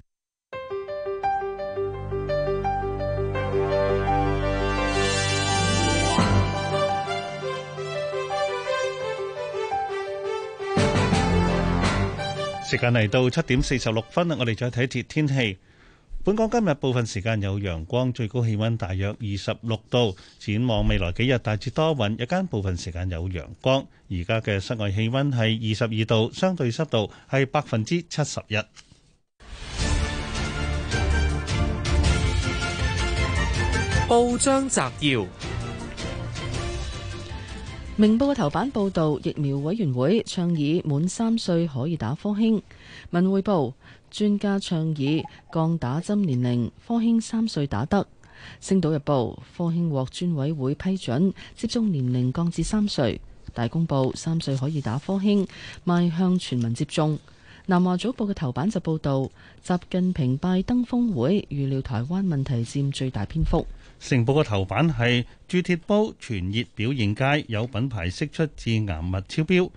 時間嚟到七點四十六分，我哋再睇一睇天氣。本港今日部分時間有陽光，最高氣溫大約二十六度。展望未來幾日大致多雲，日間部分時間有陽光。而家嘅室外氣溫係二十二度，相對濕度係百分之七十一。報章摘要。明報嘅頭版報道，疫苗委員會倡議滿三歲可以打科興。文匯報專家倡議降打針年齡，科興三歲打得。星島日報科興獲專委會批准，接種年齡降至三歲。大公報三歲可以打科興，邁向全民接種。南華早報嘅頭版就報道，習近平拜登峰會預料台灣問題占最大篇幅。《成報》嘅頭版係鑄鐵煲傳熱表現佳，有品牌釋出致癌物超標。《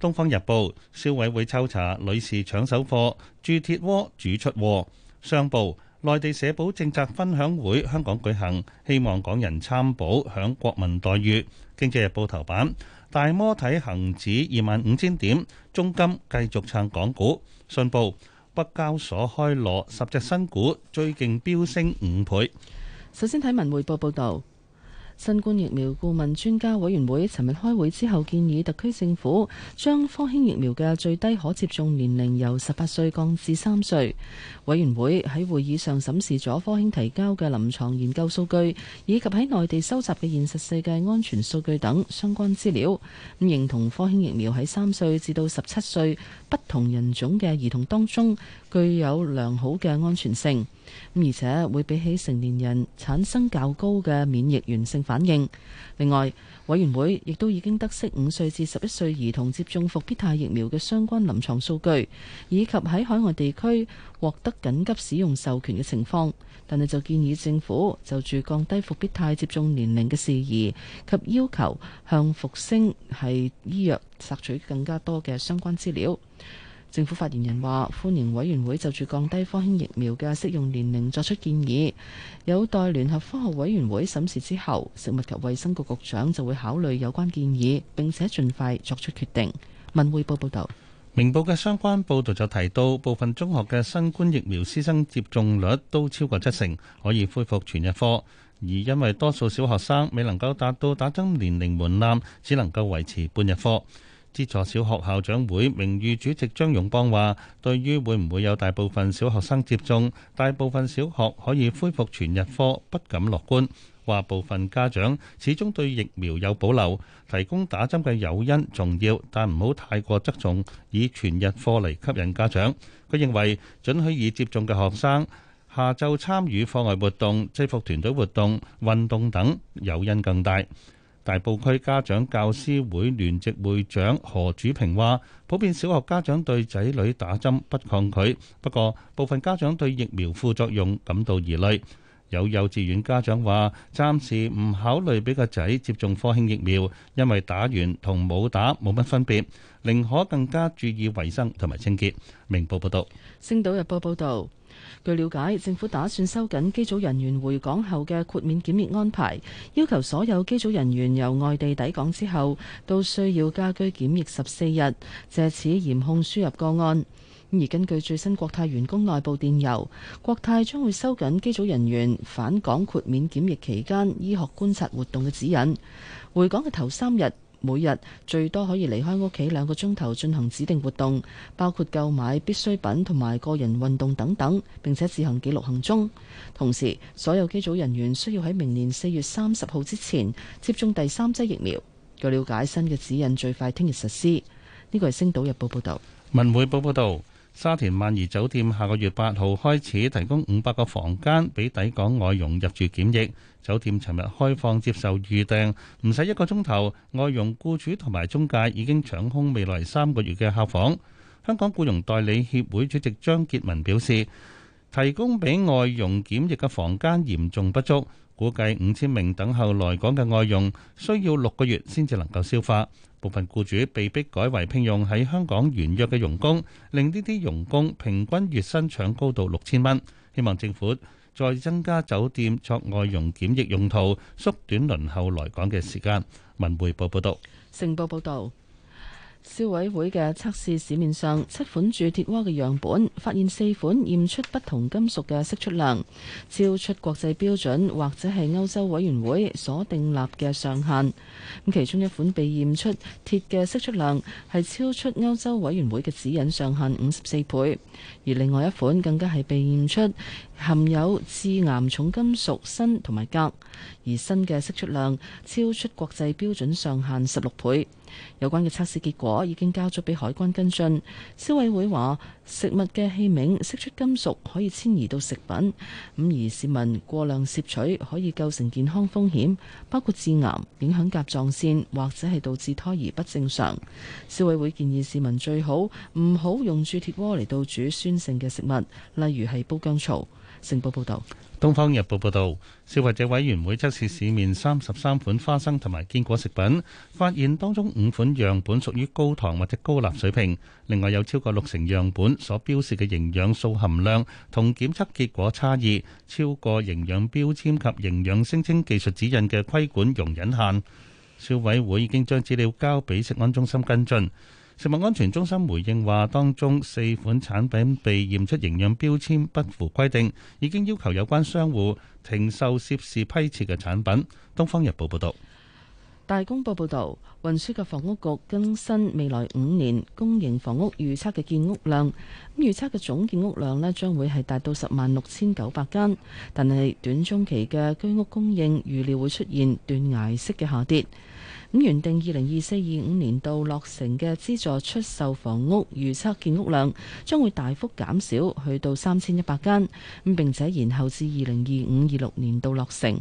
東方日報》消委會抽查女士搶手貨，鑄鐵鍋煮出禍。《商報》內地社保政策分享會香港舉行，希望港人參保享國民待遇。《經濟日報》頭版大摩睇恒指二萬五千點，中金繼續撐港股。《信報》北交所開鑼十隻新股，最勁飆升五倍。首先睇文匯報報道，新冠疫苗顧問專家委員會尋日開會之後，建議特區政府將科興疫苗嘅最低可接種年齡由十八歲降至三歲。委員會喺會議上審視咗科興提交嘅臨牀研究數據，以及喺內地收集嘅現實世界安全數據等相關資料，咁認同科興疫苗喺三歲至到十七歲。不同人種嘅兒童當中，具有良好嘅安全性，而且會比起成年人產生較高嘅免疫原性反應。另外，委員會亦都已經得悉五歲至十一歲兒童接種復必泰疫苗嘅相關臨牀數據，以及喺海外地區獲得緊急使用授權嘅情況。但係就建議政府就住降低復必泰接種年齡嘅事宜及要求向復星系醫藥索取更加多嘅相關資料。政府發言人話，歡迎委員會就住降低科興疫苗嘅適用年齡作出建議，有待聯合科學委員會審視之後，食物及衛生局局長就會考慮有關建議，並且盡快作出決定。文匯報報道。明報嘅相關報導就提到，部分中學嘅新冠疫苗師生接種率都超過七成，可以恢復全日課；而因為多數小學生未能夠達到打針年齡門檻，只能夠維持半日課。資助小學校長會名譽主席張勇邦話，對於會唔會有大部分小學生接種、大部分小學可以恢復全日課，不敢樂觀。話部分家長始終對疫苗有保留，提供打針嘅誘因重要，但唔好太過側重以全日課嚟吸引家長。佢認為准許已接種嘅學生下晝參與課外活動、制服團隊活動、運動等誘因更大。大埔區家長教師會聯席會長何主平話，普遍小學家長對仔女打針不抗拒，不過部分家長對疫苗副作用感到疑慮。有幼稚園家長話：暫時唔考慮俾個仔接種科興疫苗，因為打完同冇打冇乜分別，寧可更加注意衞生同埋清潔。明報報導。《星島日報》報道：據了解，政府打算收緊機組人員回港後嘅豁免檢疫安排，要求所有機組人員由外地抵港之後，都需要家居檢疫十四日，藉此嚴控輸入個案。而根據最新國泰員工內部電郵，國泰將會收緊機組人員返港豁免檢疫期間醫學觀察活動嘅指引。回港嘅頭三日，每日最多可以離開屋企兩個鐘頭進行指定活動，包括購買必需品同埋個人運動等等，並且自行記錄行蹤。同時，所有機組人員需要喺明年四月三十號之前接種第三劑疫苗。據了解，新嘅指引最快聽日實施。呢個係《星島日報》報道。《文匯報》報道。沙田萬怡酒店下個月八號開始提供五百個房間俾抵港外傭入住檢疫，酒店尋日開放接受預訂，唔使一個鐘頭，外傭僱主同埋中介已經搶空未來三個月嘅客房。香港僱傭代理協會主席張傑文表示，提供俾外傭檢疫嘅房間嚴重不足，估計五千名等候來港嘅外傭需要六個月先至能夠消化。部分雇主被逼改為聘用喺香港完約嘅傭工，令呢啲傭工平均月薪搶高到六千蚊。希望政府再增加酒店作外傭檢疫用途，縮短輪候來港嘅時間。文匯報報道，成報報道。消委會嘅測試市面上七款鑄鐵鍋嘅樣本，發現四款驗出不同金屬嘅釋出量超出國際標準或者係歐洲委員會所訂立嘅上限。咁其中一款被驗出鐵嘅釋出量係超出歐洲委員會嘅指引上限五十四倍。而另外一款更加係被驗出含有致癌重金屬砷同埋鉀，而砷嘅釋出量超出國際標準上限十六倍。有關嘅測試結果已經交咗俾海關跟進。消委會話：食物嘅器皿釋出金屬可以遷移到食品，咁而市民過量攝取可以構成健康風險，包括致癌、影響甲狀腺或者係導致胎兒不正常。消委會建議市民最好唔好用鑄鐵鍋嚟到煮。酸性嘅食物，例如係煲薑醋。成報報道，東方日報報道，消費者委員會測試市面三十三款花生同埋堅果食品，發現當中五款樣本屬於高糖或者高鈉水平，另外有超過六成樣本所標示嘅營養素含量同檢測結果差異超過營養標籤及營養聲稱技術指引嘅規管容忍限。消委會已經將資料交俾食安中心跟進。食物安全中心回應話，當中四款產品被驗出營養標籤不符規定，已經要求有關商戶停售涉事批次嘅產品。東方日報報道，大公報報道，運輸及房屋局更新未來五年公營房屋預測嘅建屋量，預測嘅總建屋量咧將會係達到十萬六千九百間，但係短中期嘅居屋供應預料會出現斷崖式嘅下跌。咁原定二零二四二五年度落成嘅資助出售房屋，預測建屋量將會大幅減少，去到三千一百間。咁並且延後至二零二五二六年度落成。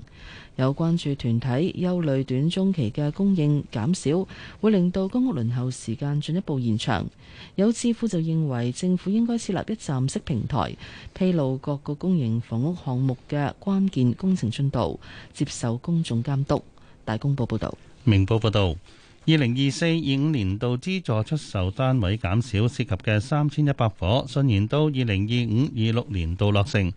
有關注團體憂慮短中期嘅供應減少，會令到公屋輪候時間進一步延長。有智庫就認為，政府應該設立一站式平台，披露各個公營房屋項目嘅關鍵工程進度，接受公眾監督。大公報報道。明報報道，二零二四、二五年度資助出售單位減少，涉及嘅三千一百伙，順延到二零二五、二六年度落成。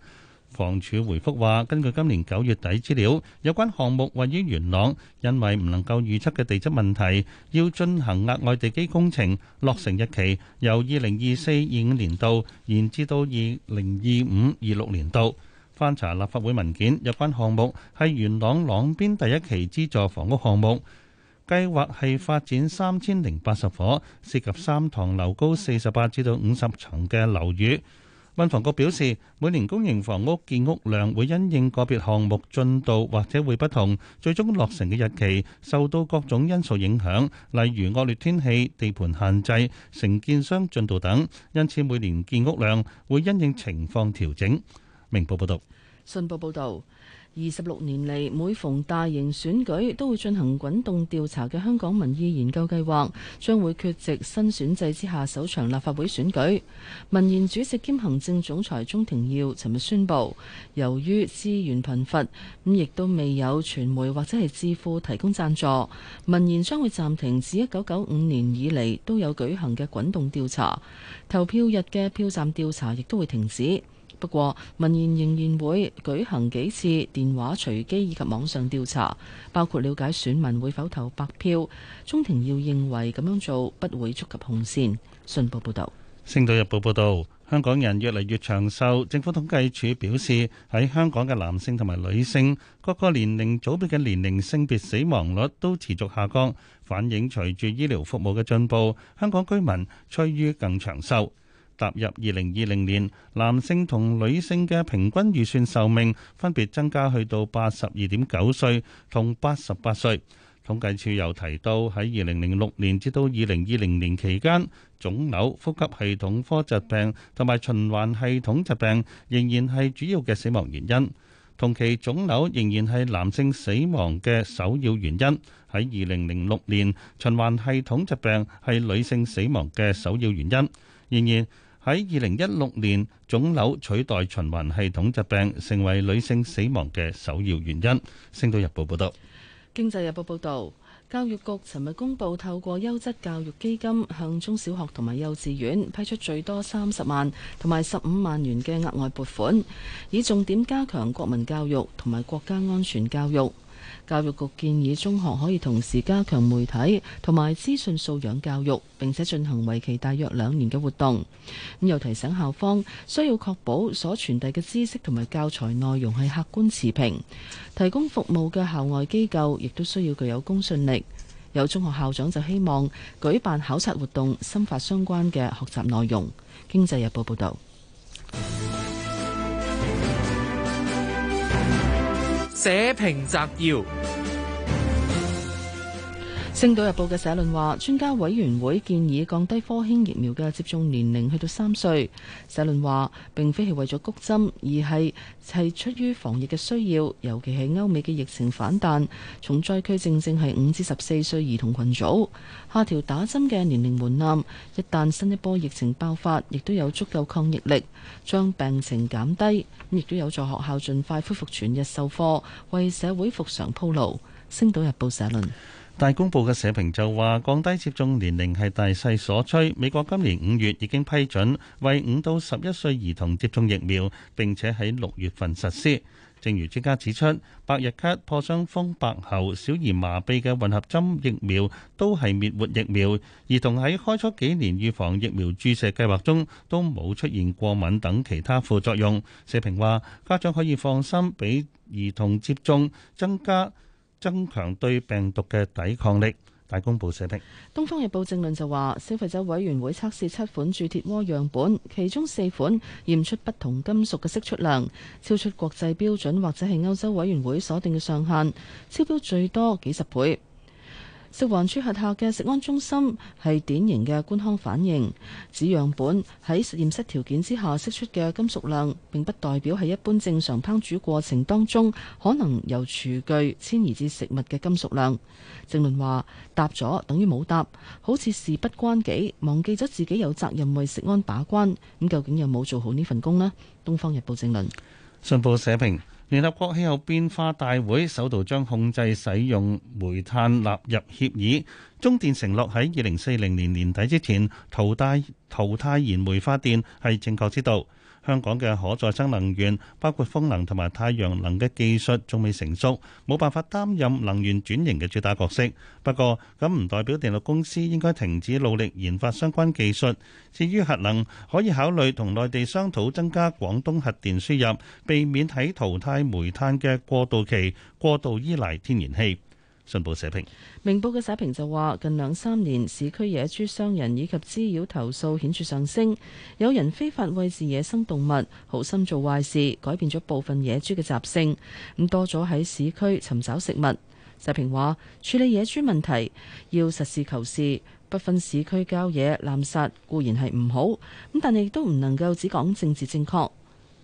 房署回覆話，根據今年九月底資料，有關項目位於元朗，因為唔能夠預測嘅地質問題，要進行額外地基工程，落成日期由二零二四、二五年度延至到二零二五、二六年度。翻查立法會文件，有關項目係元朗朗邊第一期資助房屋項目，計劃係發展三千零八十夥，涉及三幢樓高四十八至到五十層嘅樓宇。運房局表示，每年公營房屋建屋量會因應個別項目進度，或者會不同，最終落成嘅日期受到各種因素影響，例如惡劣天氣、地盤限制、承建商進度等，因此每年建屋量會因應情況調整。明報報道：「信報報道，二十六年嚟每逢大型選舉都會進行滾動調查嘅香港民意研究計劃，將會缺席新選制之下首場立法會選舉。民研主席兼行政總裁鐘庭耀尋日宣布，由於資源貧乏，咁亦都未有傳媒或者係智庫提供贊助，民研將會暫停自一九九五年以嚟都有舉行嘅滾動調查，投票日嘅票站調查亦都會停止。不過，民研仍然會舉行幾次電話隨機以及網上調查，包括了解選民會否投白票。鍾庭耀認為咁樣做不會觸及紅線。信報報導，《星島日報》報道，香港人越嚟越長壽。政府統計處表示，喺香港嘅男性同埋女性各個年齡組別嘅年齡性別死亡率都持續下降，反映隨住醫療服務嘅進步，香港居民趨於更長壽。踏入二零二零年，男性同女性嘅平均預期壽命分別增加去到八十二點九歲同八十八歲。統計處又提到，喺二零零六年至到二零二零年期間，腫瘤、呼吸系統科疾病同埋循環系統疾病仍然係主要嘅死亡原因。同期，腫瘤仍然係男性死亡嘅首要原因；喺二零零六年，循環系統疾病係女性死亡嘅首要原因。然而，喺二零一六年，腫瘤取代循環系統疾病成為女性死亡嘅首要原因。星島日報報道。經濟日報報道，教育局尋日公布透過優質教育基金向中小學同埋幼稚園批出最多三十萬同埋十五萬元嘅額外撥款，以重點加強國民教育同埋國家安全教育。教育局建議中學可以同時加強媒體同埋資訊素養教育，並且進行為期大約兩年嘅活動。咁又提醒校方需要確保所傳遞嘅知識同埋教材內容係客觀持平。提供服務嘅校外機構亦都需要具有公信力。有中學校長就希望舉辦考察活動，深化相關嘅學習內容。經濟日報報道。 <music> 寫評摘要。《星島日報》嘅社論話，專家委員會建議降低科興疫苗嘅接種年齡去到三歲。社論話，並非係為咗谷針，而係係出於防疫嘅需要，尤其係歐美嘅疫情反彈，重災區正正係五至十四歲兒童群組。下調打針嘅年齡門檻，一旦新一波疫情爆發，亦都有足夠抗疫力，將病情減低，亦都有助學校盡快恢復全日授課，為社會復常鋪路。《星島日報》社論。大公報嘅社評就話：降低接種年齡係大勢所趨。美國今年五月已經批准為五到十一歲兒童接種疫苗，並且喺六月份實施。正如專家指出，百日咳、破傷風、白喉、小兒麻痹嘅混合針疫苗都係滅活疫苗，兒童喺開初幾年預防疫苗注射計劃中都冇出現過敏等其他副作用。社評話：家長可以放心俾兒童接種，增加，增強對病毒嘅抵抗力。大公報社評。《東方日報》正論就話，消費者委員會測試七款鑄鐵鍋樣本，其中四款驗出不同金屬嘅釋出量超出國際標準或者係歐洲委員會所定嘅上限，超標最多幾十倍。食環署轄下嘅食安中心係典型嘅官腔反應，指樣本喺實驗室條件之下釋出嘅金屬量並不代表係一般正常烹煮過程當中可能由廚具遷移至食物嘅金屬量。正論話答咗等於冇答，好似事不關己，忘記咗自己有責任為食安把關。咁究竟有冇做好呢份工呢？《東方日報》正論。信報社評。聯合國氣候變化大會首度將控制使用煤炭納入協議，中電承諾喺二零四零年年底之前淘汰淘汰燃煤發電係正確之道。香港嘅可再生能源，包括風能同埋太陽能嘅技術，仲未成熟，冇辦法擔任能源轉型嘅主打角色。不過，咁唔代表電力公司應該停止努力研發相關技術。至於核能，可以考慮同內地商討增加廣東核電輸入，避免喺淘汰煤炭嘅過渡期過度依賴天然氣。信報社評。明報嘅社評就話：近兩三年市區野豬傷人以及滋擾投訴顯著上升，有人非法餵飼野生動物，好心做壞事，改變咗部分野豬嘅習性，咁多咗喺市區尋找食物。社評話：處理野豬問題要實事求是，不分市區郊野，濫殺固然係唔好，咁但係亦都唔能夠只講政治正確。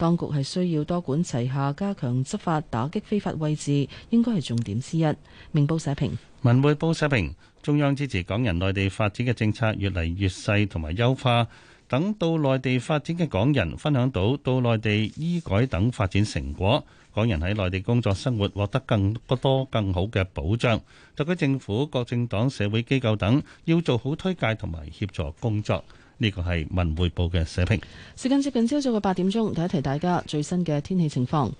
當局係需要多管齊下，加強執法，打擊非法位置，應該係重點之一。明報社評。文匯報社評，中央支持港人內地發展嘅政策越嚟越細同埋優化，等到內地發展嘅港人分享到到內地醫改等發展成果，港人喺內地工作生活獲得更多更好嘅保障。特區政府、各政黨、社會機構等要做好推介同埋協助工作。呢個係文匯報嘅社評。時間接近朝早嘅八點鐘，提一提大家最新嘅天氣情況。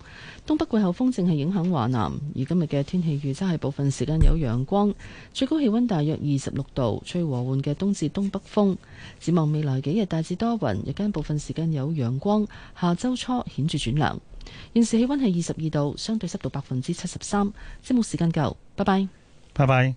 東北季候風正係影響華南，而今日嘅天氣預測係部分時間有陽光，最高氣溫大約二十六度，吹和緩嘅東至東北風。展望未來幾日大致多雲，日間部分時間有陽光。下周初顯著轉涼。現時氣溫係二十二度，相對濕度百分之七十三。節目時間夠，拜拜。拜拜。